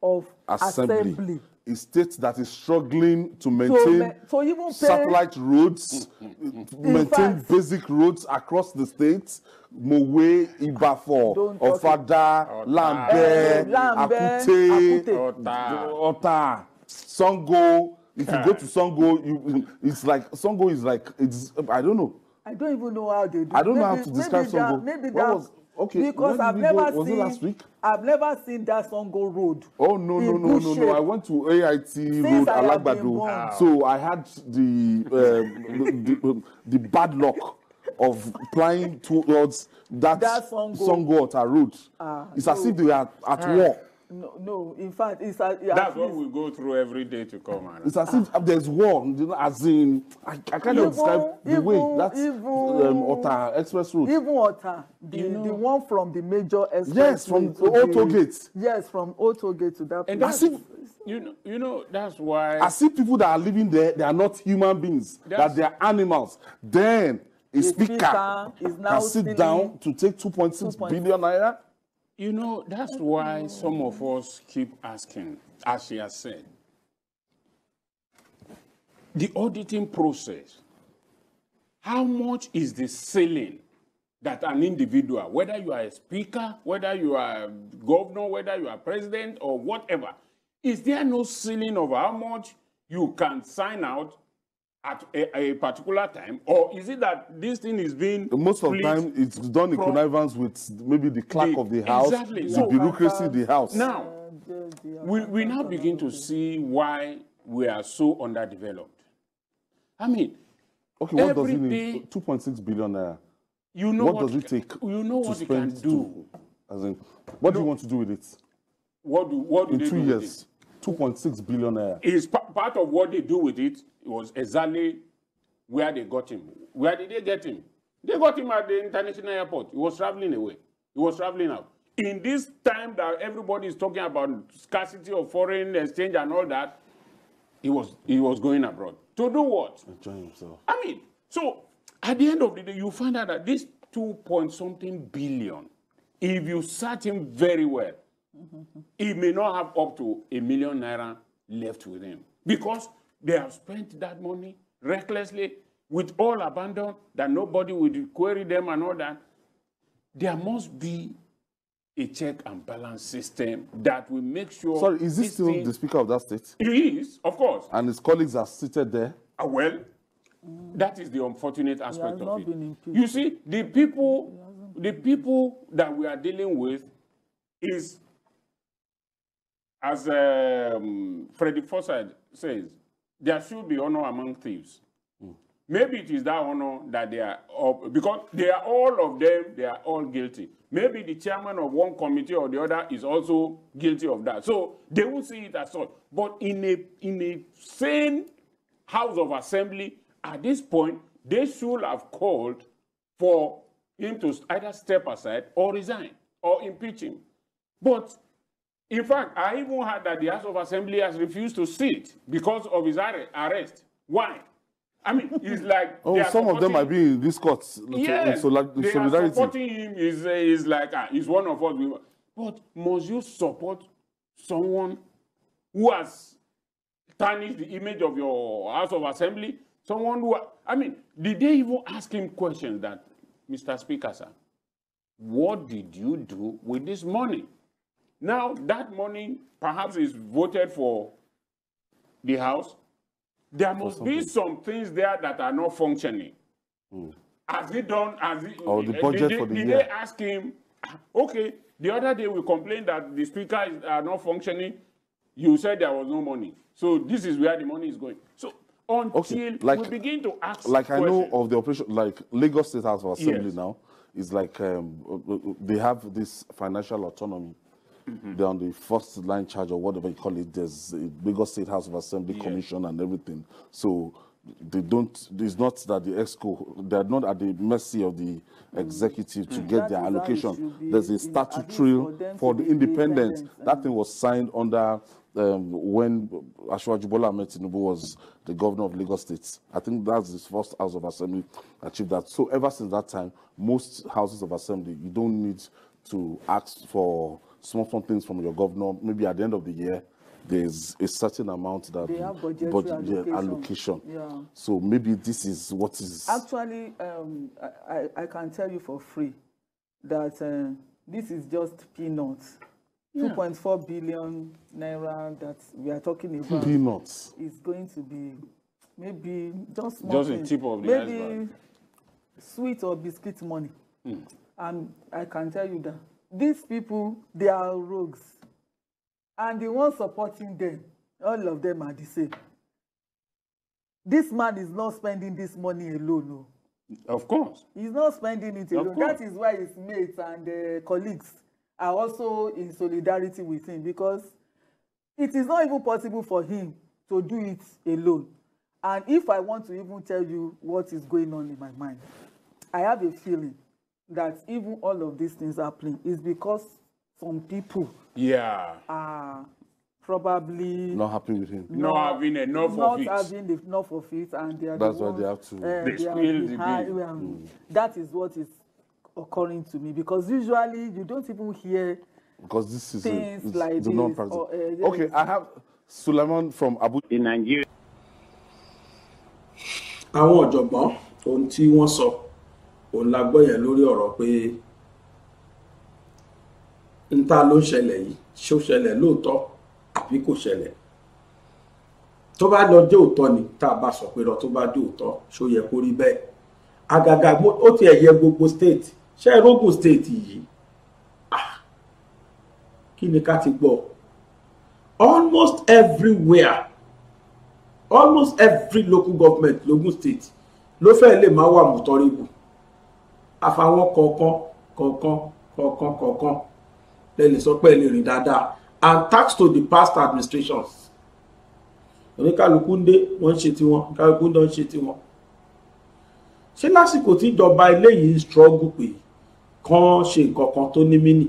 of assembly. assembly. A state that is struggling to maintain so, so pay, satellite roads, maintain fact, basic roads across the state, Mowe, Ibafo, Ofada, Lambe, Akute, Ota, Songo. If you go to Songo, you, it's like Songo is like it's I don't know. I don't even know how they do. I don't maybe, know how to describe maybe Songo. That, maybe that, Okay. Because I've never go? seen I've never seen that song go road. Oh no no no no no! I went to AIT Road Alagbado, ah. so I had the um, the, the bad luck of plying towards that, that Songo Alta road. Ah, it's so, as if they are at ah. war. No, no. In fact, it's a, it that's what we go through every day to come. Anna. It's as if there's war, you know, as in I, I kind even, of describe the even, way that's um, even, um, Ota Express Road. Even Ota, the, you know, the one from the major express. Yes, from to Old Toll Gate. Yes, from Old Toll Gate to that. And place. As if, you know, you know, that's why. I see people that are living there. They are not human beings. That's, that they are animals. Then a the speaker, speaker is now can sit down to take 2.6 billion naira You know, that's why some of us keep asking, as she has said. The auditing process, how much is the ceiling that an individual, whether you are a speaker, whether you are governor, whether you are president or whatever, is there no ceiling of how much you can sign out at a, a particular time or is it that this thing is being most of the time it's done in connivance with maybe the clerk the, of the house exactly. the so, bureaucracy the house now uh, we, we now begin to see why we are so underdeveloped i mean okay what does it mean 2.6 billion naira you know what, what does it take you know what to spend it can do to, as in what no, do you want to do with it what do what do in they two do years with it? 2.6 billion naira. Is part of what they do with it was exactly where they got him. Where did they get him? They got him at the international airport. He was traveling away. He was traveling out. In this time that everybody is talking about scarcity of foreign exchange and all that, he was he was going abroad to do what? Enjoy himself. I mean, so at the end of the day, you find out that this two point something billion, if you search him very well, he may not have up to a million naira left with him because they have spent that money recklessly with all abandon that nobody would query them and all that. There must be a check and balance system that will make sure. Sorry, is this still the Speaker of that state? He is, of course. And his colleagues are seated there? Uh, well, that is the unfortunate aspect of it. You see, the people, the people that we are dealing with is as um, Freddie Forsyth says, there should be honor among thieves. Mm. Maybe it is that honor that they are, of, because they are all of them, they are all guilty. Maybe the chairman of one committee or the other is also guilty of that. So they will see it as such. But in a, in a sane House of Assembly, at this point, they should have called for him to either step aside or resign or impeach him. But In fact, I even heard that the House of Assembly has refused to sit because of his arrest. Why? I mean, it's like [laughs] oh, some of them might be in this court. Yes, so, like, they solidarity. are supporting him. Is is like ah, he's one of us. But must you support someone who has tarnished the image of your House of Assembly? Someone who I mean, did they even ask him questions that, Mr. Speaker, sir, what did you do with this money? Now, that money perhaps is voted for the house. There must be some things there that are not functioning. Mm. Has he done? Has he, or the eh, budget did, for the did year? Did they ask him? Okay, the other day we complained that the speaker is, are not functioning. You said there was no money, so this is where the money is going. So until okay, like, we begin to ask, like questions. I know of the operation, like Lagos State House of Assembly yes. now is like um, uh, uh, they have this financial autonomy. mm -hmm. They're on the first line charge or whatever you call it. There's a bigger State House of Assembly yeah. Commission and everything. So they don't, it's not that the EXCO, they're not at the mercy of the mm. executive mm. to get that their allocation. There's a statutory for, for the independence. That thing was signed under um, when Ashwajibola Ahmed Tinubu was the governor of Lagos State. I think that's his first House of Assembly achieved that. So ever since that time, most Houses of Assembly, you don't need to ask for small small things from your governor. Maybe at the end of the year, there's a certain amount that they have budget allocation. Yeah, allocation. Yeah. So maybe this is what is actually um, I, I can tell you for free that uh, this is just peanuts. Yeah. 2.4 billion naira that we are talking about peanuts is going to be maybe just small just a tip of the maybe iceberg. sweet or biscuit money. Mm. And I can tell you that these people they are rogues and the one supporting them all of them are the same this man is not spending this money alone o. No. of course. he's not spending it alone that is why his mates and uh, colleagues are also in solidarity with him because it is not even possible for him to do it alone and if i want to even tell you what is going on in my mind i have a feeling that even all of these things happening is because some people yeah are probably not happy with him not, not having enough not of it not having enough of it and they are that's the why ones, they have to uh, they, they squeal the bill um, mm. that is what is occurring to me because usually you don't even hear because this is things a, like it's this uh, okay i have suleiman from abu in nigeria àwọn ọ̀jọ̀gbọ́n ohun tí wọ́n sọ òun la gbọ́ yẹn lórí ọ̀rọ̀ pé ń ta ló ń ṣẹlẹ̀ yìí ṣó ṣẹlẹ̀ lóòótọ́ àbí kò ṣẹlẹ̀ tó bá lọ jẹ́ òótọ́ ni tá a bá sọ pé lọ tó bá jẹ́ òótọ́ ṣó yẹ kó rí bẹ́ẹ̀ àgàgà ó ti ẹ̀yẹ gbogbo state ṣé rogun state yìí ah, kí ni ká ti gbọ́ almost everywhere almost every local government logun state ló fẹ́ lè máa wà mọ́tọ́rìbù àfàwọn kọ̀ọ̀kan kọ̀ọ̀kan kọ̀ọ̀kan kọ̀ọ̀kan lè lè sọ pé ẹ lè rìn dáadáa and thanks to the past administrations oníkàlùkù ń dé wọ́n ń ṣe tiwọn kàlùkù ń dán ṣe tiwọn ṣé lásìkò tí ìjọba eléyìí struggle pé kàn ṣe nǹkan kan tó ní mínì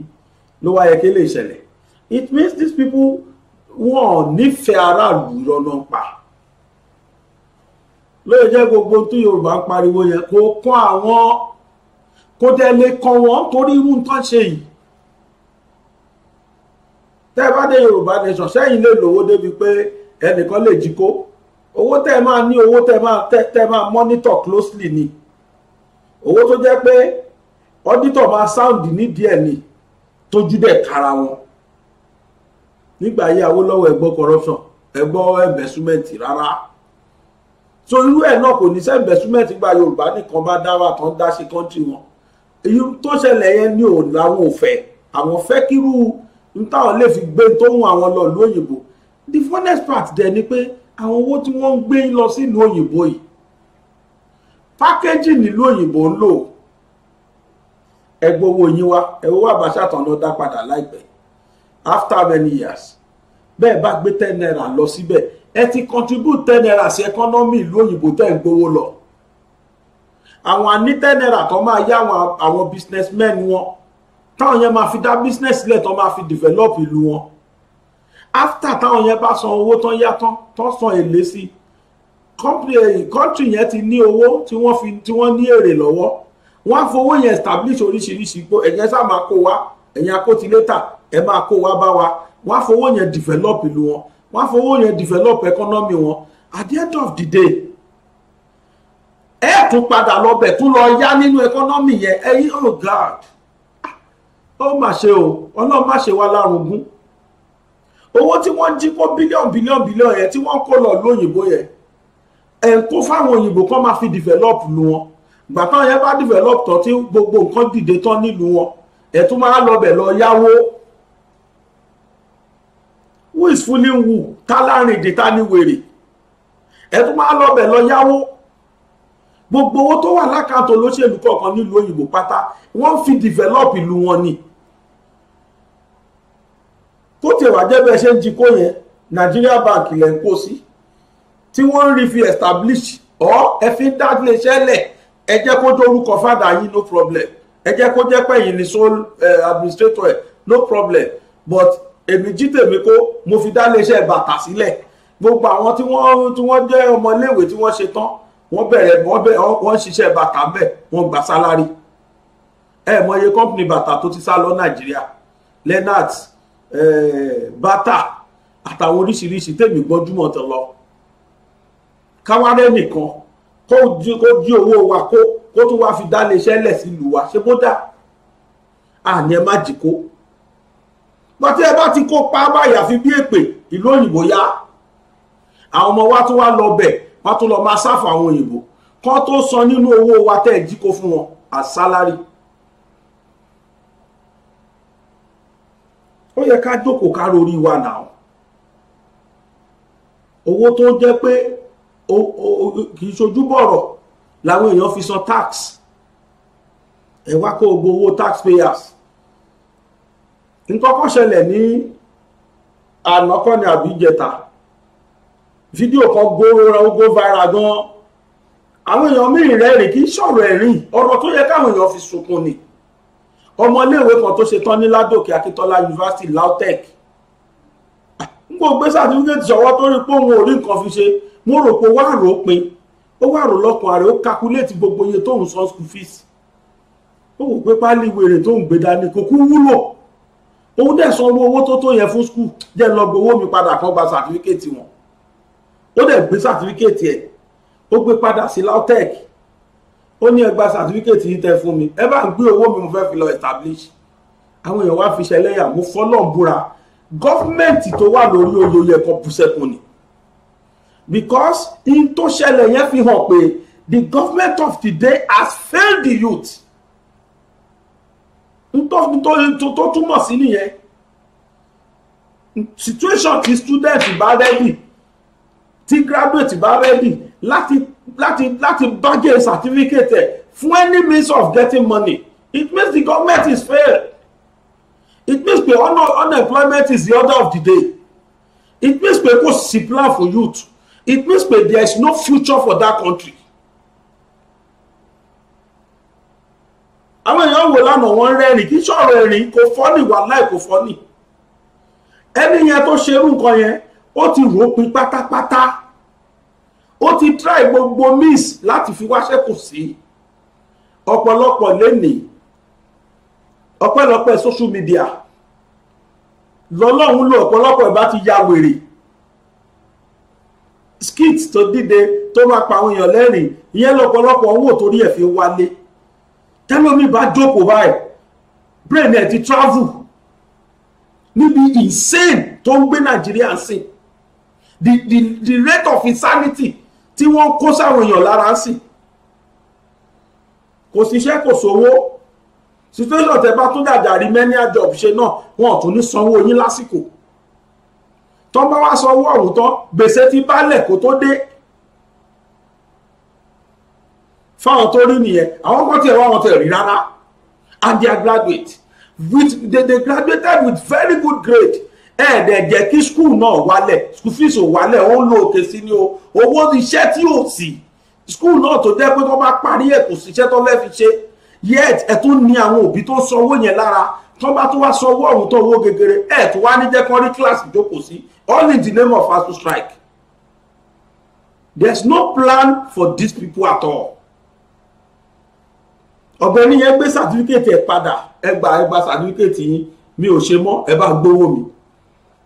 ló wá yẹ kí lè ṣẹlẹ̀ it means these people wọn ò nífẹ̀ẹ́ aráàlú ìrọ̀nà pa lóye jẹ́ gbogbo tí Yorùbá ń pariwo yẹn kó kún àwọn kò dẹ̀ lè kàn wọ́n torí irú nǹkan ṣe yìí tẹ́ ẹ bá dé yorùbá nation sẹ́yìn lè lówó débi pé ẹnìkan lè jí kó owó tẹ́ ẹ máa ní owó tẹ́ ẹ máa tẹ́ ẹ máa monitor closely ni owó tó jẹ́ pé auditor máa sound nídìí ẹ̀ ni tójú dẹ̀ kára wọn nígbà yí Awólọ́wọ̀ ẹ gbọ́ corruption ẹ gbọ́ investment rárá so irú ẹ̀ náà kò ní sẹ́ investment gba yorùbá nìkan bá dá wà tán dá sí country wọn èyí tó ṣẹlẹ̀ yẹn ni ò láwọn ò fẹ́ àwọn fẹ́ kírú nítawọn lè fi gbé tó ń àwọn lọ ìlú òyìnbó the funnest part dẹ̀ ni pé àwọn owó tí wọ́n ń gbé lọ sí ìlú òyìnbó yìí pákéjì nílùú òyìnbó ń lò ẹgbẹ́ owó yín wá ẹ̀wọ́ wà bá ṣàtàn ló dá padà láìpẹ́ after many years bẹ́ẹ̀ bá gbé ten naira lọ síbẹ̀ ẹ ti contribute ten naira sí ẹkọ́nọ́mì ìlú òyìnbó tẹ̀ ń gbowó lọ àwọn anítẹ́nẹ́rà kan máa yá àwọn businessmen wọn táwọn yẹn máa fi dá business sílẹ̀ tán máa fi develop ìlú wọn after táwọn yẹn bá san owó tán yá tán tán san èlé sí kọ́ńtì yẹn ti ní owó tí wọ́n fi tí wọ́n ní èrè lọ́wọ́ wọ́n á fowó yẹn establish oríṣiríṣi pé ẹ̀yẹn sá máa kó wa ẹ̀yìn akótilétà ẹ̀ máa kó wa bá wa wọ́n á fowó yẹn develop ìlú wọn wọ́n á fowó yẹn develop economy wọn at the end of the day ẹ tún padà lọbẹ̀ tún lọ yá nínú ẹkọ́nọ́mì yẹn ẹyí oh god ó mà ṣe o ọlọ́run má ṣe wá lárugún owó tí wọ́n ń jí kó bílíọ̀n bílíọ̀n bílíọ̀n yẹn tí wọ́n kó lọ lóyìnbó yẹn ẹ̀ ń kó fáwọn òyìnbó kan máa fi develop lu wọn gbà táwọn yẹn bá develop tán tí gbogbo nǹkan dìde tán nílùú wọn ẹ̀ tún máa lọbẹ̀ lọ yáwó who is fooling who tá lárin ìdí tá ní wèrè ẹ̀ tún máa lọbẹ̀ lọ yáwó gbogbo owó tó wà lákàtọ̀ olóṣèlú kọ̀ọ̀kan nílùú òyìnbó pátá wọ́n fi develop ìlú wọn ni tó tiẹ̀ wá jẹ́ bẹ́ẹ̀ ṣe ń jí kó yẹn Nigeria Bank lẹ̀ ń kó sí tí wọ́n ń rí fi establish ọ́ ẹ fi ń dá iléeṣẹ́ lẹ̀ ẹ jẹ́ kó tó orúkọ fàdà yín no problem ẹ jẹ́ kó jẹ́ pẹ̀yìn ní sole eh, administrator ẹ̀ no problem but èmi jí tèmi kó mo fi dá iléeṣẹ́ bàtà sílẹ̀ gbogbo àwọn tí wọ́n jẹ́ ọmọléèwé tí wọ́n ṣe tán wọ́n bẹ̀rẹ̀ wọ́n bẹ̀rẹ̀ wọ́n ṣiṣẹ́ bàtà mbẹ̀ wọ́n gba sálárì ẹ mọye kọ́mpìnì bàtà tó ti sá lọ nàìjíríà Lenart bàtà àtàwọn oríṣiríṣi tèmi gbọ́júmọ̀ tó lọ káwárẹ́ nìkan kó jí owó wa kó kó tó wá fi dá iléeṣẹ́ lẹ̀ sílùú wa ṣé kó dà àní ẹ má jìkó pàtẹ́ ẹ bá ti kó pa báyà fi bí èpè ìlú òyìnbó yá àwọn ọmọ wa tó wá lọ bẹ̀ wọ́n tún lọ máa sáfù àwọn òyìnbó kán tó sọ nínú owó wa tẹ́ ẹ̀ jí kó fún wọn àsálárì. ó yẹ ká jókòó ká rorí wa nà owó tó jẹ́ pé kì í ṣojú làwọn èèyàn fi san tax ẹ wá kó gbogbo owó tax payers nǹkan kan ṣẹlẹ̀ ní ànákọ́ àbí jẹta fídíò kan gbòòrò ra ó go viral gan àwọn èèyàn míì rẹ́rìn kì í sọ̀rọ̀ ẹ̀rìn ọ̀rọ̀ tó yẹ káwọn èèyàn fi sunkún ni ọmọléèwé kan tó ṣe tán ní ládòkè akíntọ́lá yunifásitì lautech n kò gbé sàtífíkẹ́tì ṣọwọ́ tó rí pé òun ò rí nǹkan fi ṣe mo rò pé wàá rò ó pin ó wàá rò lọ́kàn ààrẹ ó kakuléètì gbogbo iye tóun san school fees ó wò pé páálí wèrè tóun gbé dání kò kú wúlò òun dẹ̀ san owó owó tó tó yẹ fún school jẹ́ lọ gbowó mi padà kan gba sàtífíkẹ́tì wọn ó dẹ̀ gbé sàtífíkèètì ẹ̀ ó gbé padà sí LAUTECH ó ní ẹ gba sàtífíkèètì yìí tẹ́ fún mi ẹ bá ń gbé owó mi mo fẹ́ fi lọ establish àwọn èèyàn wá fi ṣẹlẹ́yà mo fọlọ́n búra gọ́fíńmẹ̀ntì tó wà lórí oyè oyè ẹ̀kọ́ bùsẹ̀kùn ni because in tó ṣẹlẹ̀ yẹn fi hàn pé the government of today has failed the youth tó túmọ̀ sí nìyẹn situation ti student bá rẹ́dì tí graduate bá rẹ́dì láti láti láti bájẹ́ certificate ẹ̀ fún any means of getting money it means the government is fair it means pé un unemployment is the order of the day it means pé kò sí plan for youth it means pé there is no future for that country. àwọn èèyàn wò lánàá wọn rẹ́rìn kí sọ̀rọ̀ ẹ̀rìn kò fọ́nì wàhálà kò fọ́nì ẹni yẹn tó ṣerú nǹkan yẹn ó ti ròpin pátápátá ó ti try gbogbo miss láti fi wáṣẹ́ kù sí ọ̀pọ̀lọpọ̀ lénìí ọpẹ́lọpẹ́ social media lọ́lọ́run lo ọ̀pọ̀lọpọ̀ ìbá ti ya wèrè skit tó dìde tó máa pa àwọn èèyàn lẹ́rìn ìyẹn lọ́pọ̀lọpọ̀ owó torí ẹ̀ fi wálé tẹ́lómi bá jókòó báyìí brain ẹ̀ ti travel níbi insane tó ń gbé nàìjíríà sìn the the the rate of insanity tí wọ́n kó sáwọn èèyàn lára ń sìn kò síṣẹ́ kò sówó situation tẹ bá tún dàjà rí menial job ṣe náà wọn ò tún ní sanwó yín lásìkò tọ́ bá wá sanwó ọ̀hún tán gbèsè ti bálẹ̀ kó tó dé fáwọn tó rí nìyẹn àwọn kan tiẹ̀ wá wọn tẹ̀ rí rárá and they are graduate with they, they graduated with very good grade ẹ̀ẹ́dẹ̀ jẹ́ kí skul náà wálẹ̀ skul fees ò wálẹ̀ ó ń lo òkè sí ni o owó iṣẹ́ tí ò sí skul náà tó jẹ́ pé tó bá parí ẹ̀ kò síṣẹ́ tó fẹ́ fi ṣe yet ẹ̀ tún ní àwọn òbí tó sanwó yẹn lára tó bá tó wá sanwó ọ̀hún tó owó gegere ẹ̀ tó wá ní jẹ́ kán rí kíláàsì jókòó sí all in the name of ASUU strike there is no plan for these people at all ọ̀gbẹ́ni yẹn gbé sàtífíkẹ́tì ẹ̀ padà ẹ gba ẹ gba sàtífíkẹ́tì yín mi ò ṣe mọ́ ẹ bá gbowó mi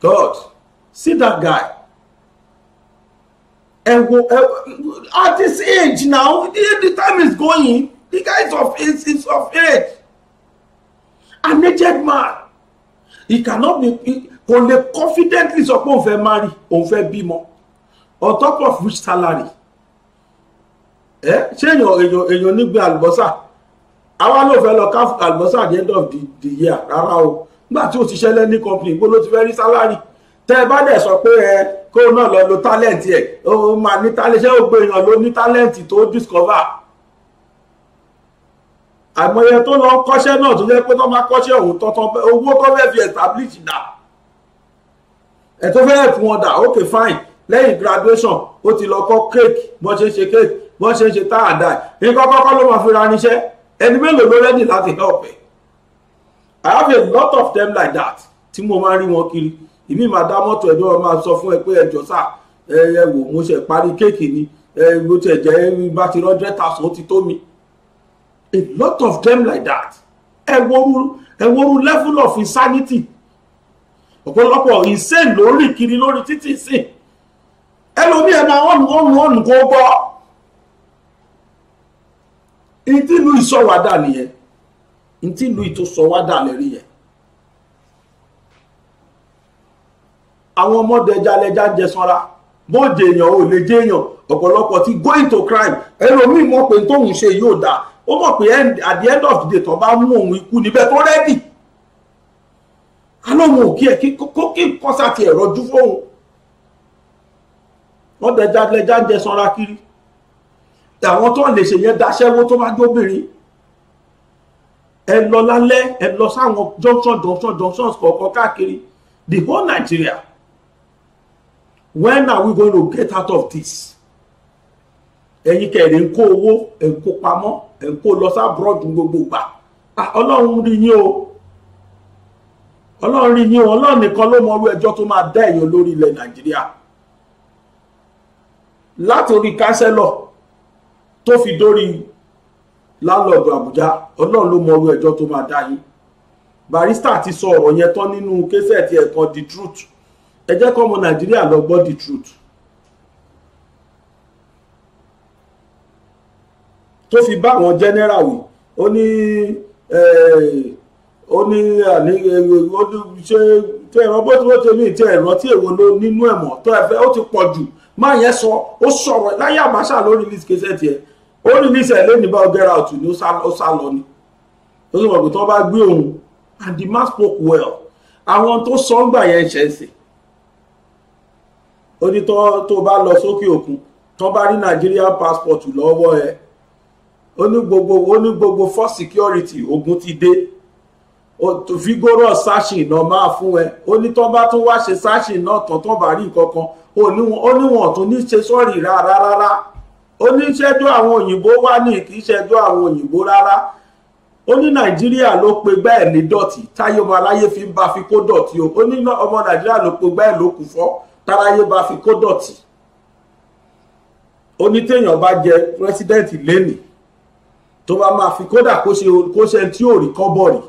God, see that guy. And at this age now, the, time is going. The guy is of is, is of age. An aged man. He cannot be he, kò confidently sọ pé òun fẹ́ marry òun fẹ́ bímọ on top of which salary Eh, ṣé èèyàn èèyàn èèyàn nígbẹ àlùbọ́sà I want to lọ ká àlùbọ́sà at the end of the, the year rárá o nígbà tí ò ṣiṣẹ́ lẹ́ní company bó ló ti fẹ́ rí sálárì tẹ́ ẹ bá dẹ̀ sọ pé ẹ kó náà lọ lo talent ẹ̀ ó máa ní talent ṣé ó gbé èèyàn ló ní talent tó discover àmọye tó lọ kọ́ṣẹ́ náà tó jẹ́ pé tó máa kọ́ṣẹ́ òun tọ́tọ́ owó tó fẹ́ fi establish dà ẹ̀ tó fẹ́ fún wọn ok fine lẹ́yìn graduation ó ti lọ kọ́ cake bó ṣe ń ṣe cake bó ṣe ń ṣe tá àdá ẹ̀ nǹkan kọ́kọ́ ló máa fi ra níṣẹ́ ẹni mélòó ló rẹ́dì láti help ẹ̀ i have a lot of them like that tí mo máa ń rí wọn kiri ìmí máa dá mọ́tò ẹ̀dọ́ ọ máa sọ fún ẹ pé ẹjọ́ sà ẹ ẹ wò mo ṣe parí kéèkì ni ẹ mo ṣe jẹ bá ti rọ́jẹ́ tàṣọ ó ti tó mi a lot of them like that ẹ woru ẹ woru level of insanity ọ̀pọ̀lọpọ̀ insane ló ń rìn kiri lórí títì sí ẹlòmíì ẹ máa ọ̀nù ọ̀nù ọ̀nù kó gbọ́ ìdílù ìsọ̀wádà nìyẹn ntí ìlú yìí tó sọ wá dà lérí yẹn àwọn ọmọdé ẹjalẹja jẹ sanra bóòjì èèyàn ò lè jẹ èèyàn ọ̀pọ̀lọpọ̀ ti go into crime ẹlòmíì mọ̀ pé tóun ṣe yóò dáa ó mọ̀ pé at the end of the day tán bá mú òun ikú níbẹ̀ tó rẹ́dì alóhun òkè ẹ̀ kí kọ́sà ti ẹ̀rọ jú fóun wọ́n dẹjalẹja jẹ sanra kiri àwọn tó lè ṣèyẹn daṣẹ́wó tó bá jóbìnrin ẹ lọ lálẹ́ ẹ lọ sáwọn junction junction junctions kọ̀ọ̀kan káàkiri the whole Nigeria when are we going to get out of this ẹ̀yin kẹrin ń kó owó ẹ ń kó pamọ́ ẹ ń kó lọ sábúrọdù gbogbo gbà ah, Ọlọ́run rí yín o Ọlọ́run rí yín o Ọlọ́run nìkan ló mọ irú ẹjọ́ tó máa dá èèyàn lórí ilẹ̀ Nàìjíríà látòrí kánsẹ́lọ̀ tó fi dórí lálọ́ọ̀dù àbújá ọlọ́run ló mọrú ẹjọ́ tó máa dá yín barista ti sọ ọ̀rọ̀ yẹn tán nínú késẹ̀tì ẹ̀kan the truth ẹ jẹ́ kọ́mọ nàìjíríà lọ gbọ́ the truth tó fi bá àwọn general ó ní eh, ó ní ṣe ẹ̀rọ bó mí tí ẹ̀rọ tí ló nínú ẹ̀mọ́ tó ẹ̀fẹ́ ó ti pọ̀ jù máa yẹn sọ ó sọ̀rọ̀ láyé àbáṣà lórí list ó ní níṣẹ́ lẹ́ni bá get out ni ó sá lọ ni ó sì mọ̀ pé tí wọ́n bá gbé òun and the man spoke well àwọn tó sọ ń gbà yẹn ṣe ń sìn ó ní tó bá lọ sókè òkun tó bá rí Nigeria passport lọ́wọ́ ẹ ó ní gbogbo ó ní gbogbo for security ogun ti dé vigorous searching náà máa fún ẹ ó ní tó bá tún wá ṣe searching náà tán tó bá rí nǹkan kan ó ní wọn ọ̀tún ní ṣe sọ́ọ̀rì rárá rárá ó ní ṣẹ́jú àwọn òyìnbó wá ní kì í ṣẹ́jú àwọn òyìnbó rárá ó ní nàìjíríà ló pe gbẹ́ẹ̀ ní dọ̀tí táyé ọmọ aláyé fi ń bá fi kó dọ̀tí o ó ní ọmọ nàìjíríà ló pe gbẹ́ẹ̀ ló kù fọ́ táráyé bá fi kó dọ̀tí ó ní téèyàn bá jẹ pírẹsidẹ́ǹtì lẹ́nìí tó bá máa fi kódà kó ṣe kó ṣe tí ò rí kọ́bọ̀rì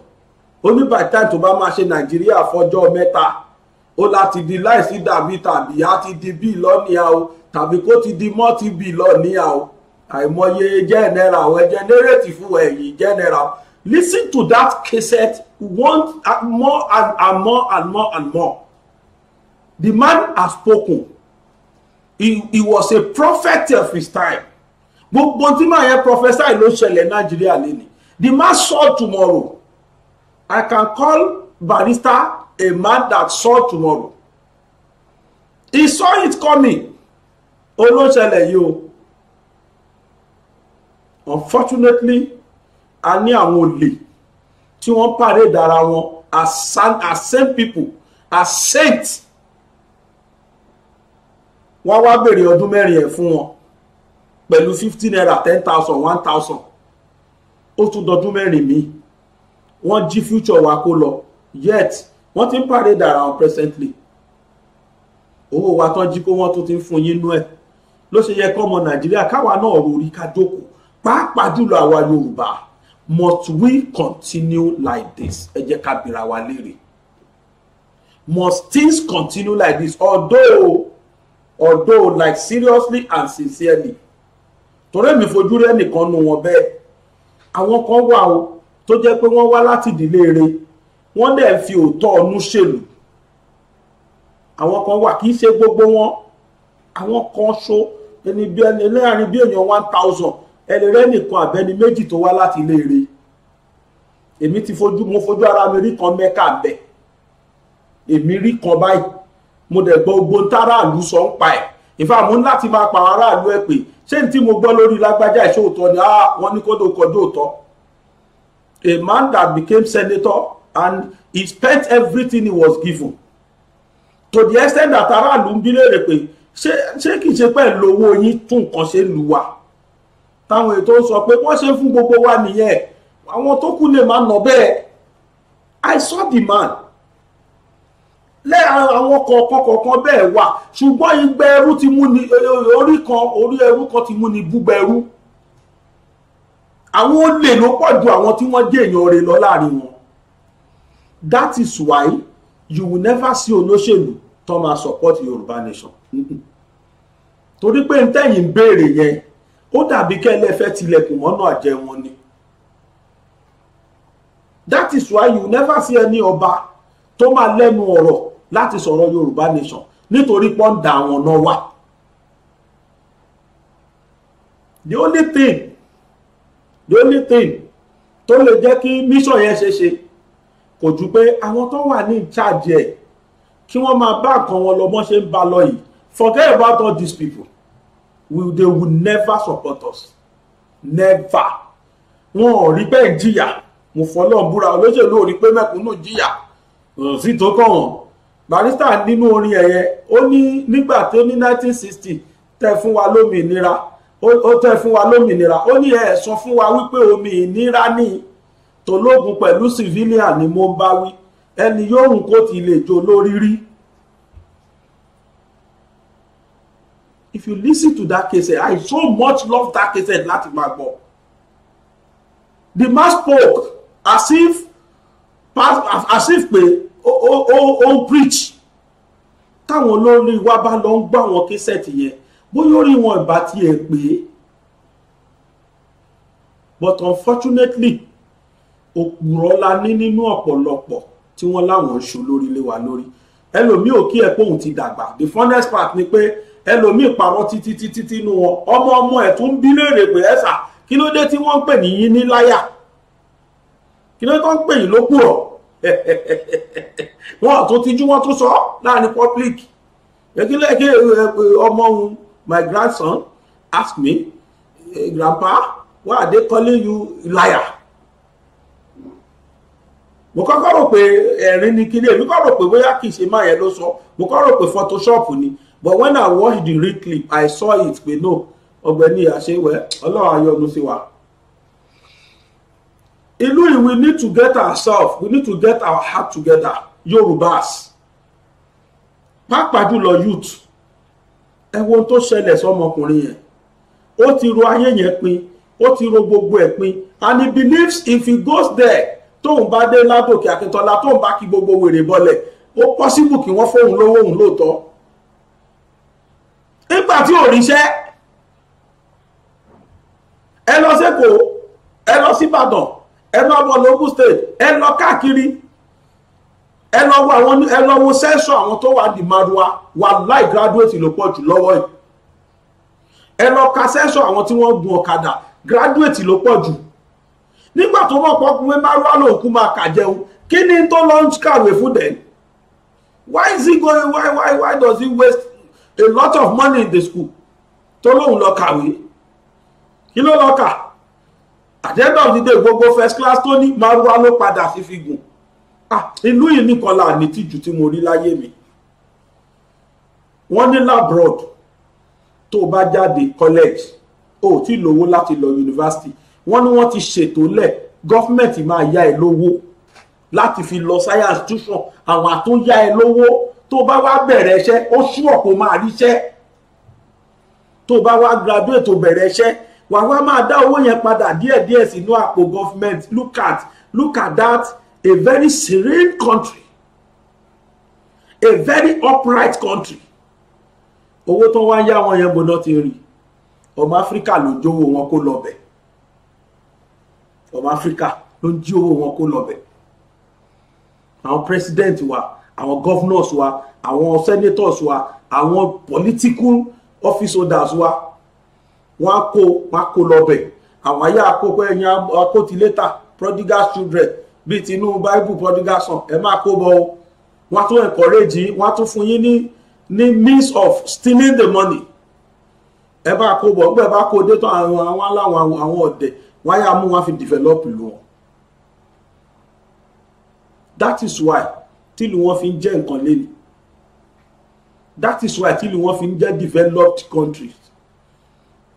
ó ní bàtà tó bá máa ṣe nàìjíríà fọjọ́ mẹ́ta ó láti di láìsí dàbí tàbí á ti di bí lọ́nìyà o tàbí kó ti di mọ́tì bìlọ́níà o àìmọye general. àwọn jẹ́nẹ́rẹ́tì fún ẹ̀yìn jẹ́nẹ́ra listen to that cassette one and uh, more and, and more and more and more the man has spoken he, he was a prophet of his time gbogbo tí màá yẹ professor ló ṣẹlẹ̀ nàìjíríà lẹ́nu the man saw tomorrow i can call barrister a man that saw tomorrow he saw it coming olóṣẹlẹ̀ yìí o unfortunately a ní àwọn olè tí wọ́n parade ara wọn as same people as saint wọ́n wá béèrè ọdún mẹ́rin ẹ̀ fún wọn pẹ̀lú fifteen naira ten thousand one thousand ó tún dọdún mẹ́rin mi wọ́n jí future wa kó lọ yet wọ́n ti ń parade ara wọn presently owó wa tán jí kó wọ́n tún ti ń fún yín nú ẹ̀ ló ṣe yẹ kọ́mọ nàìjíríà káwa náà rorí ká jókòó pàápàá jùlọ àwa yorùbá must we continue like this ẹ jẹ́ ká bira wa léèrè must things continue like this although although like seriously and sincerely torí èmi fojú rẹ nìkan nu wọn bẹ́ẹ̀ àwọn kan wà o tó jẹ́ pé wọ́n wá láti ìdílé rẹ̀ wọ́n dẹ̀ fi òótọ́ ọnú ṣèlú àwọn kan wà kì í ṣe gbogbo wọn àwọn kan ṣo ẹni bí ẹni láàrin bí èèyàn one thousand ẹni rẹ nìkan àbẹni méjì tó wá láti ilé rẹ̀ èmi ti fojú mo fojú ara mi rí kan mẹ́ka bẹ̀ èmi rí kan báyìí mo dẹ̀ gbọ́ gbogbo táráàlú sọ ń pa ẹ̀ ìfà mú láti máa pa aráàlú ẹ̀ pé ṣé ní tí mo gbọ́ lórí lágbájá ìṣòótọ́ ni ah wọ́n ní kódò kọjú òótọ́ a man that became senator and he spent everything he was given to the extent that aráàlú ń bí léèrè pé ṣé ṣé kì í ṣe pẹ̀lú owó yín tún nǹkan ṣe lù wá táwọn ètò sọ pé wọ́n ṣe fún gbogbo wa nìyẹn àwọn tó kù lè má nà bẹ́ẹ̀ I saw the man lẹ́yìn àwọn kọ̀ọ̀kan kọ̀ọ̀kan bẹ́ẹ̀ wà ṣùgbọ́n ìgbẹ́ ẹrú ti mú ni orí kan orí ẹrú kan ti mú ni búgbẹ́ ẹrú àwọn olè ló pọ̀ ju àwọn tí wọ́n jẹ́ èèyàn rẹ̀ lọ láàrin wọn that is why you will never see olóṣèlú tó máa support yorùbá nation torí pé n tẹ́yìn ń béèrè yẹn ó dàbí kẹ́lẹ́ fẹ́ tilẹ̀kùn mọ́nà àjẹ wọn ni that is why you never see any ọba tó máa lẹ́nu ọ̀rọ̀ láti sọ̀rọ̀ yorùbá nation nítorí pọ́ńdà àwọn náà wà the only thing the only thing tó lè jẹ́ kí mission yẹn ṣe ṣe kò ju pé àwọn tó wà ní ìcháàjì ẹ̀ kí wọ́n máa bá nǹkan wọn lọ ṣe ń ba lọ yìí forget about all these people we, they will never support us never wọn ò rí pé ń jìyà mo fọlọ́ búra olóṣèlú ò rí pé mẹ́kúnnù jìyà sí tó kàn wọ́n barista nínú orin ẹ̀yẹ ó ní nígbà tó ní 1960 tẹ fún wa lómìnira ó tẹ fún wa lómìnira ó ní ẹ sọ fún wa wípé omi ìnira ní tòlóògùn pẹ̀lú civilian ni mo ń bá wí ẹni yóò hùn kó ti lè jó lórí rí if you listen to that case I so much love that case láti máa gbọ́ the man spoke as if as if pé ó ó ń preach táwọn olórí wa bá lọ ń gbọ́ àwọn késẹ̀tì yẹn bóyá orí wọn ìbá tiẹ̀ pé but unfortunately òpùrọ̀ la ní nínú ọ̀pọ̀lọpọ̀ tí wọ́n láwọn ṣo lórí lé wa lórí ẹlòmíì ò kí ẹ pé ti dàgbà the funnest part ni pé ẹlòmíì parọ́ títí títí nínú wọn ọmọ ọmọ ẹ̀ tún bí léèrè pé ẹ̀sà kí ló dé tí wọ́n ń pè ní yín ní láyà kí ló dé tó ń pè yín lókùrọ̀ [laughs] wọn àtún tijú wọn tún sọ láàrin public ekileke ọmọ òun my grandson ask me eh, grandpa why i dey calling you liar mo kọ́kọ́ rò pé ẹ̀rín ni kíni èmi kọ́ rò pé bóyá kì í ṣe máa yẹn ló sọ mo kọ́ rò pé photoshop ni but when i watch the real clip i saw it pé no ọ̀gbẹ́ni àṣewẹ Ọlọ́run ayọnu sí wa. ìlú yìí we need to get ourselves we need to get our heart together yorùbás pàápàá jùlọ youth ẹ wo ohun tó ṣẹlẹ̀ sọmọkùnrin yẹn ó ti ro ayé yẹn pin ó ti ro gbogbo ẹ̀ pin and he believes if he goes there tóun bá dé ládòkè akíntọ́lá tóun bá kí gbogbo wèrè bọlẹ̀ ó pọ́síbù kí wọ́n fóun lówó òun lóòótọ́ nígbà tí ò ríṣẹ́ ẹ lọ sẹ́kọ̀ọ́ ẹ lọ síbàdàn ẹ lọ wọ lógún state ẹ lọ káàkiri ẹ lọ wo àwọn ẹ lọ wo sẹ́ńsọ̀ àwọn tó wà di maruwa wà láì gírádùétì ló pọ̀ jù lọ́wọ́ yìí ẹ lọ ka sẹ́ńsọ̀ àwọn tí wọ́n gun ọ̀kadà gírádùétì ló pọ̀ jù nígbà tó mọ̀ pọ́kùnrin márùá lòkú máa kàjẹun kí ni tó lọ kàwé fún dẹ̀ why is he going why why why does he waste a lot of money in the school tó lóun lọ kàwé kí ló lọ kà àjẹ́dọ̀ nídé gbogbo first class tó ní márùá ló padà sí fi gùn ah, ìlú yìí nìkan là ní tìjú tí mo rí láyé mi wọ́n ní labroad tó bá jáde college ó ti lówó láti lọ yunifásitì wọ́n ní wọ́n ti ṣètò lẹ̀ gọ́fímẹ̀ntì máa yá ẹ lówó láti fi lọ science tuition àwọn àtún yá ẹ lówó tó bá wá bẹ̀rẹ̀ iṣẹ́ ó ṣùọ̀ kó máa ríṣẹ́ tó bá wá graduate tó bẹ̀rẹ̀ iṣẹ́ wà wá máa dá owó yẹn padà díẹ̀díẹ̀ sínú àpò government look at look at that a very serene country a very upright country owó tó wá yá wọn yẹn gbọdọ̀ ti rí ọmọ áfíríkà ló jówó wọn kó lọ bẹ́ẹ̀ ọmọ áfíríkà ló ń jí owó wọn kó lọ bẹ̀ àwọn president wa àwọn governors wa àwọn senators wa àwọn political office holders wa wọn á kó wọn á kó lọ bẹ̀ àwọn ayé àkókò ẹ̀yìn akótilétà prodigal children bíi tinú bible prodigal son ẹ máa kó bọ o wọn tún encourage yín wọn á tún fún yín ní ní means of stealing the money ẹ bá kó bọ̀ nígbà bá kó dé tán àwọn aláwọn àwọn ọ̀dẹ̀ Why mú wọn á fi develop ìlú that is why till wọn fi ń jẹ́ nǹkan lẹ́nu that is why till wọn fi ń jẹ́ developed countries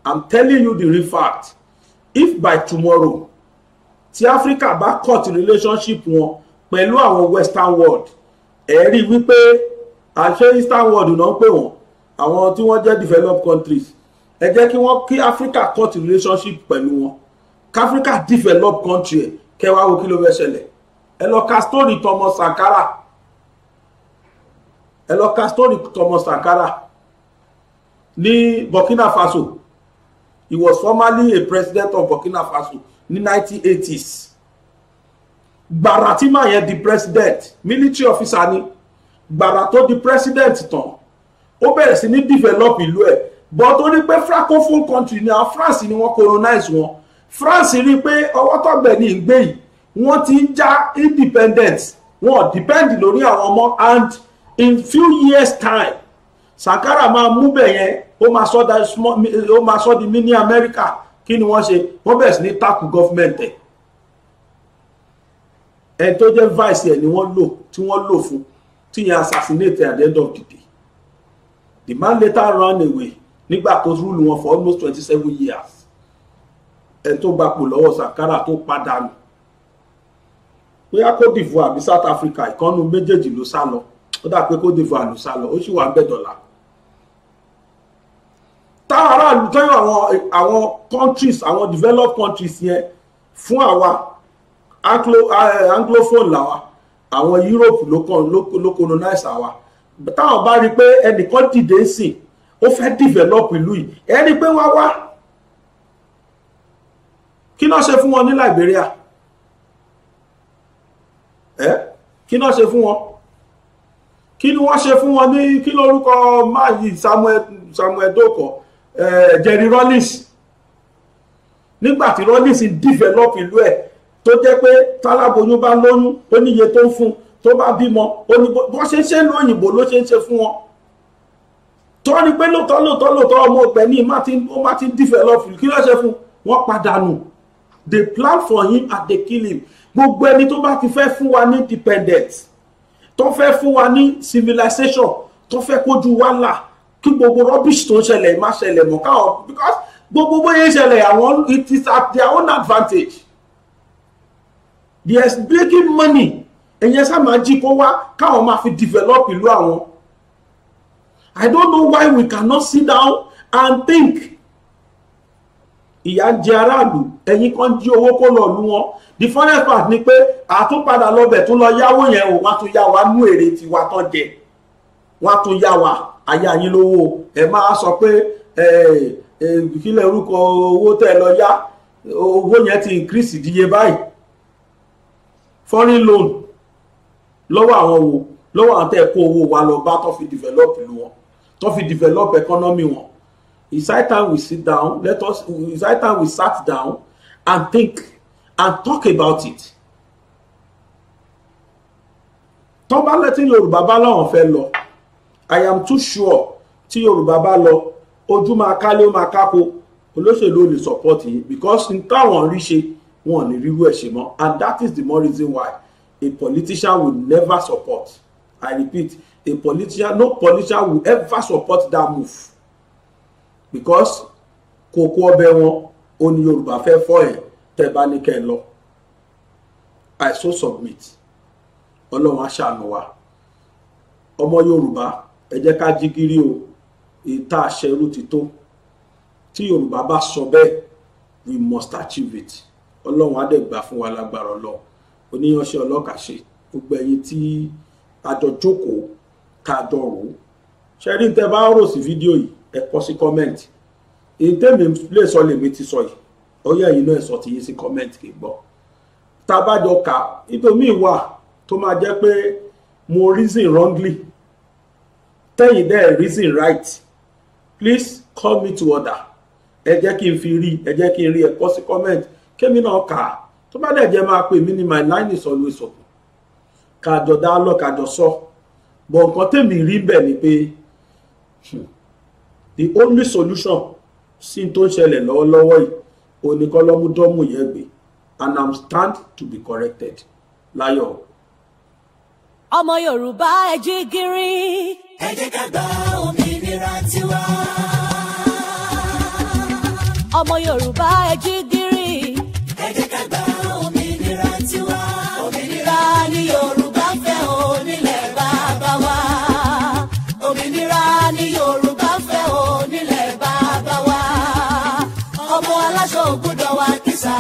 i'm telling you the real fact if by tomorrow tí africa back cut relationship one, but pẹ̀lú àwọn western world ẹ̀ rí wípé àṣẹ eastern world náà pè wọ́n àwọn tí wọ́n jẹ́ developed countries and then kí wọ́n kí africa cut relationship pẹ̀lú one káfíríkà develop country ẹ kẹwàá wo kí ló fẹ́ ṣẹlẹ̀ ẹ lọ ka story tọmọ Sankara ẹ lọ ka story tọmọ Sankara ní Burkina Faso he was formerly a president of Burkina Faso ní 1980s gbàrà tí màá yẹn di president military officer ni gbàrà tó di president tán ó bẹ̀rẹ̀ sí ní develop ìlú ẹ̀ bọ́ torí pé francophone country ni àwọn France ni wọ́n colonize wọn France rí i pé ọwọ́ tọ́gbẹ̀ ní ìgbé yìí wọ́n ti ń já independence wọ́n depend lórí àwọn ọmọ and in few years time Sankara máa mú bẹ̀ yẹn ó máa sọ da small ó máa sọ mini America kí ni wọ́n ṣe wọ́n bẹ̀rẹ̀ sí ní takù gọ́fìmẹ̀ntì ẹ̀ tó jẹ́ vice ẹ̀ ni wọ́n lò tí wọ́n lò fún tí yẹn assassinate at the end of the day the man later run away nígbà tó rúlù wọn for almost twenty seven years ẹni tó gbapò lọ́wọ́ sankara tó padà nù a cote divoire àbí south africa ìkọ́nu méjèèjì ló sá lọ ó dà pé cote divoire ló sá lọ ó sì wà ń bẹ̀ dọ̀la táwọn aráàlú tẹ́yìn àwọn àwọn countries àwọn developed countries yẹn fún àwa anglo eh, anglophone làwa àwọn europe ló ló colonize àwa táwọn bá rí i pé ẹnìkan dìde ń sìn ó fẹ́ develop ìlú yìí ẹni pé wá wá kí náà ṣe fún wọn ní Liberia ẹ kí náà ṣe fún wọn kí ni wọ́n ṣe fún wọn ní kí lórúkọ máyì Samuel Samuel Doko eh, Jerry Rawlings nígbà tí Rawlings develop ìlú ẹ̀ tó jẹ́ pé táláboyún bá lóyún ó níye tó ń fún tó bá bímọ ó ní bó ṣe ń ṣe ní òyìnbó ló ṣe ń ṣe fún wọn tó ní pé lóòótọ́ lóòótọ́ lóòótọ́ ọmọ ọgbẹ́ ní má ti ń develop kí ló ṣe fún wọn padà nù they plan for him at the killing, him gbogbo ẹni tó bá ti fẹ́ fún wa ní dependent tó fẹ́ fún wa ní civilization tó fẹ́ kójú wa là kí gbogbo rubbish tó ń ṣẹlẹ̀ má ṣẹlẹ̀ mọ́ káwọn because gbogbo bóyá ìṣẹ̀lẹ̀ àwọn it is at their own advantage they are breaking money ẹ̀yẹn sá máa jí kó wá káwọn máa fi develop ìlú àwọn i don't know why we cannot sit down and think ìyà ń jẹ aráàlú ẹ̀yin kan jí owó kó lọ lú wọn the foreign part ni pé àtúnpadà lọbẹ̀ tún lọ yáwó yẹn o wọ́n á tún yá wa nú èrè tiwa tán jẹ wọ́n á tún yá wa àyà yín lówó ẹ máa sọ pé ìfilẹ̀ orúkọ owó tẹ́ lọ yá owó yẹn ti increase díye báyìí foreign loan lọ́wọ́ àwọn wo lọ́wọ́ àwọn tẹ́ kó owó wa lọ bá tó fi develop lu wọn tó fi develop economy wọn It's high time we sit down. Let us. It's high time we sat down and think and talk about it. tó bá lẹ́tí yorùbá bá láwọn fẹ́ lọ i am too sure tí yorùbá bá lọ ojú máa kálé ó máa kákó olóṣèlú ò lè support yìí because n táwọn rí ṣe wọn ní rírú ẹ̀ ṣe mọ́ and that is the more reason why a politician will never support i repeat a politician no politician will ever support that move because kókó ọbẹ̀ wọn ó ní yorùbá fẹ́ fọ́ ẹ̀ tẹ́ bá ní kẹ́ ẹ lọ i so submit ọlọ́run aṣàánú wa ọmọ yorùbá ẹ jẹ́ ká jí gírí o ìta àṣẹrú ti tó tí yorùbá bá sọ bẹ́ẹ̀ we must achieve it ọlọ́run á dẹ̀ gbà fún wa lágbára ọlọ́run oníyanṣẹ́ ọlọ́kàṣe gbogbo ẹ̀yin tí a jọ jókòó tá a jọ rò ó ṣe rí ní tẹ́ bá rò sí fídíò yìí ẹ kọ sí comment ìtẹ́mi lè sọ lèmi ti sọ yìí ọyọ ẹ̀yin náà sọ ti yín sí comment kì í gbọ́ tá a bá jọ kà nítorí ìwà tó máa jẹ́ pé mo reason wrongly tẹ́yìn dẹ́ reason right please call me to order ẹ jẹ́ kí n fi rí ẹ jẹ́ kí n rí ẹ sí comment kémi náà kà á tó bá dẹ̀ jẹ́ máa pè mí ni my line is always open kájọ dá lọ kájọ sọ bọ̀ nǹkan tèmi rí bẹ́ẹ̀ ni pé. Hmm the only solution sí tó ń ṣẹlẹ̀ lọ́wọ́lọ́wọ́ yìí oníkọ́lọ́múdọ́mù yẹn gbé and i'm stand to be corrected láyọ̀. ọmọ yorùbá ẹ jí gírí. ẹ jẹ́ ká gba òmìnira tiwa. ọmọ yorùbá ẹ jí gírí. aláṣọ ògbódọ̀ wa kìsà.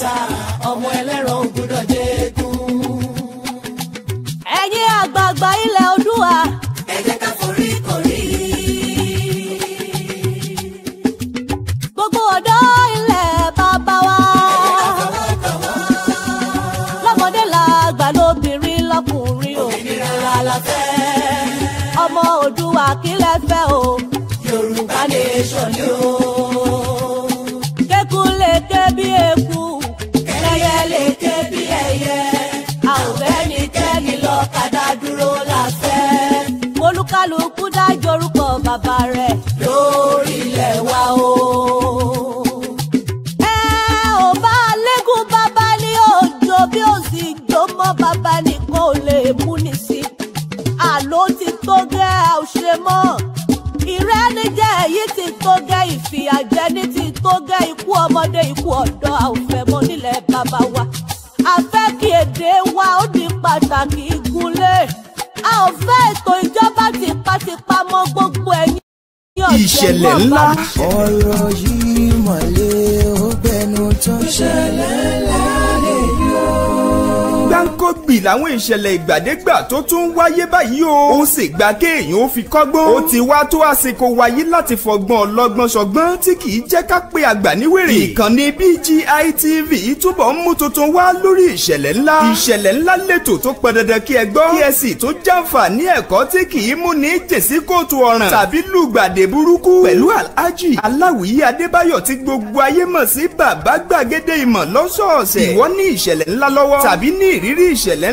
sà ọmọ ẹlẹ́rọ ògbúdọ̀ jẹ́gùn. ẹ̀yin àgbààgbà ilẹ̀ Oòduà. ẹ jẹ́ ká forí korí. gbogbo ọ̀dọ́ ilẹ̀ bàbá wa. lọ́mọdé làgbà lóbìnrin lọ́kùnrin o. òmìnira la fẹ́. ọmọ Oòduà kí lẹ fẹ́ o. Yorùbá nation ni o. gẹ́ ikú ọmọdé ikú ọ̀dọ́ àwòfẹ́mọ́ nílẹ̀ bàbá wa. a kí èdè wa ó di pàtàkì ìgúnlẹ̀. a ò fẹ́ ètò ìjọba tipátipá mọ́ gbogbo ẹ̀yìn. ìṣẹ̀lẹ̀ ńlá ọ̀rọ̀ yìí. làwọn ìṣẹ̀lẹ̀ ìgbàdégbà tó tún ń wáyé báyìí o. ó sì gba kéèyàn ó fi kọ́gbọ́n. ó ti wá tó àsìkò wáyé láti fọgbọ́n ọlọ́gbọ́n ṣọgbọ́n tí kì í jẹ́ ká pé àgbà níwèrè. ìkànnì BGI TV túbọ̀ ń mú tuntun wá lórí ìṣẹ̀lẹ̀ ńlá. ìṣẹ̀lẹ̀ ńlá lètò tó pọn dandan kí ẹ gbọ́. kí ẹ sì tó jàǹfààní ẹ̀kọ́ tí kì í mú ní jèsí kóòtù ọ̀ràn. tàbí lùgbàdé burúkú. pẹ̀lú alhaji aláwìyí adébáyọ̀ tí gbogbo ayé mọ̀ sí bàbá gbàgede ìmọ̀ lọ́sọ̀ọ̀sẹ̀. ìwọ ní ìṣẹ̀lẹ̀ ńlá lọ́wọ́. tàbí ní ìrírí ìṣẹ̀lẹ̀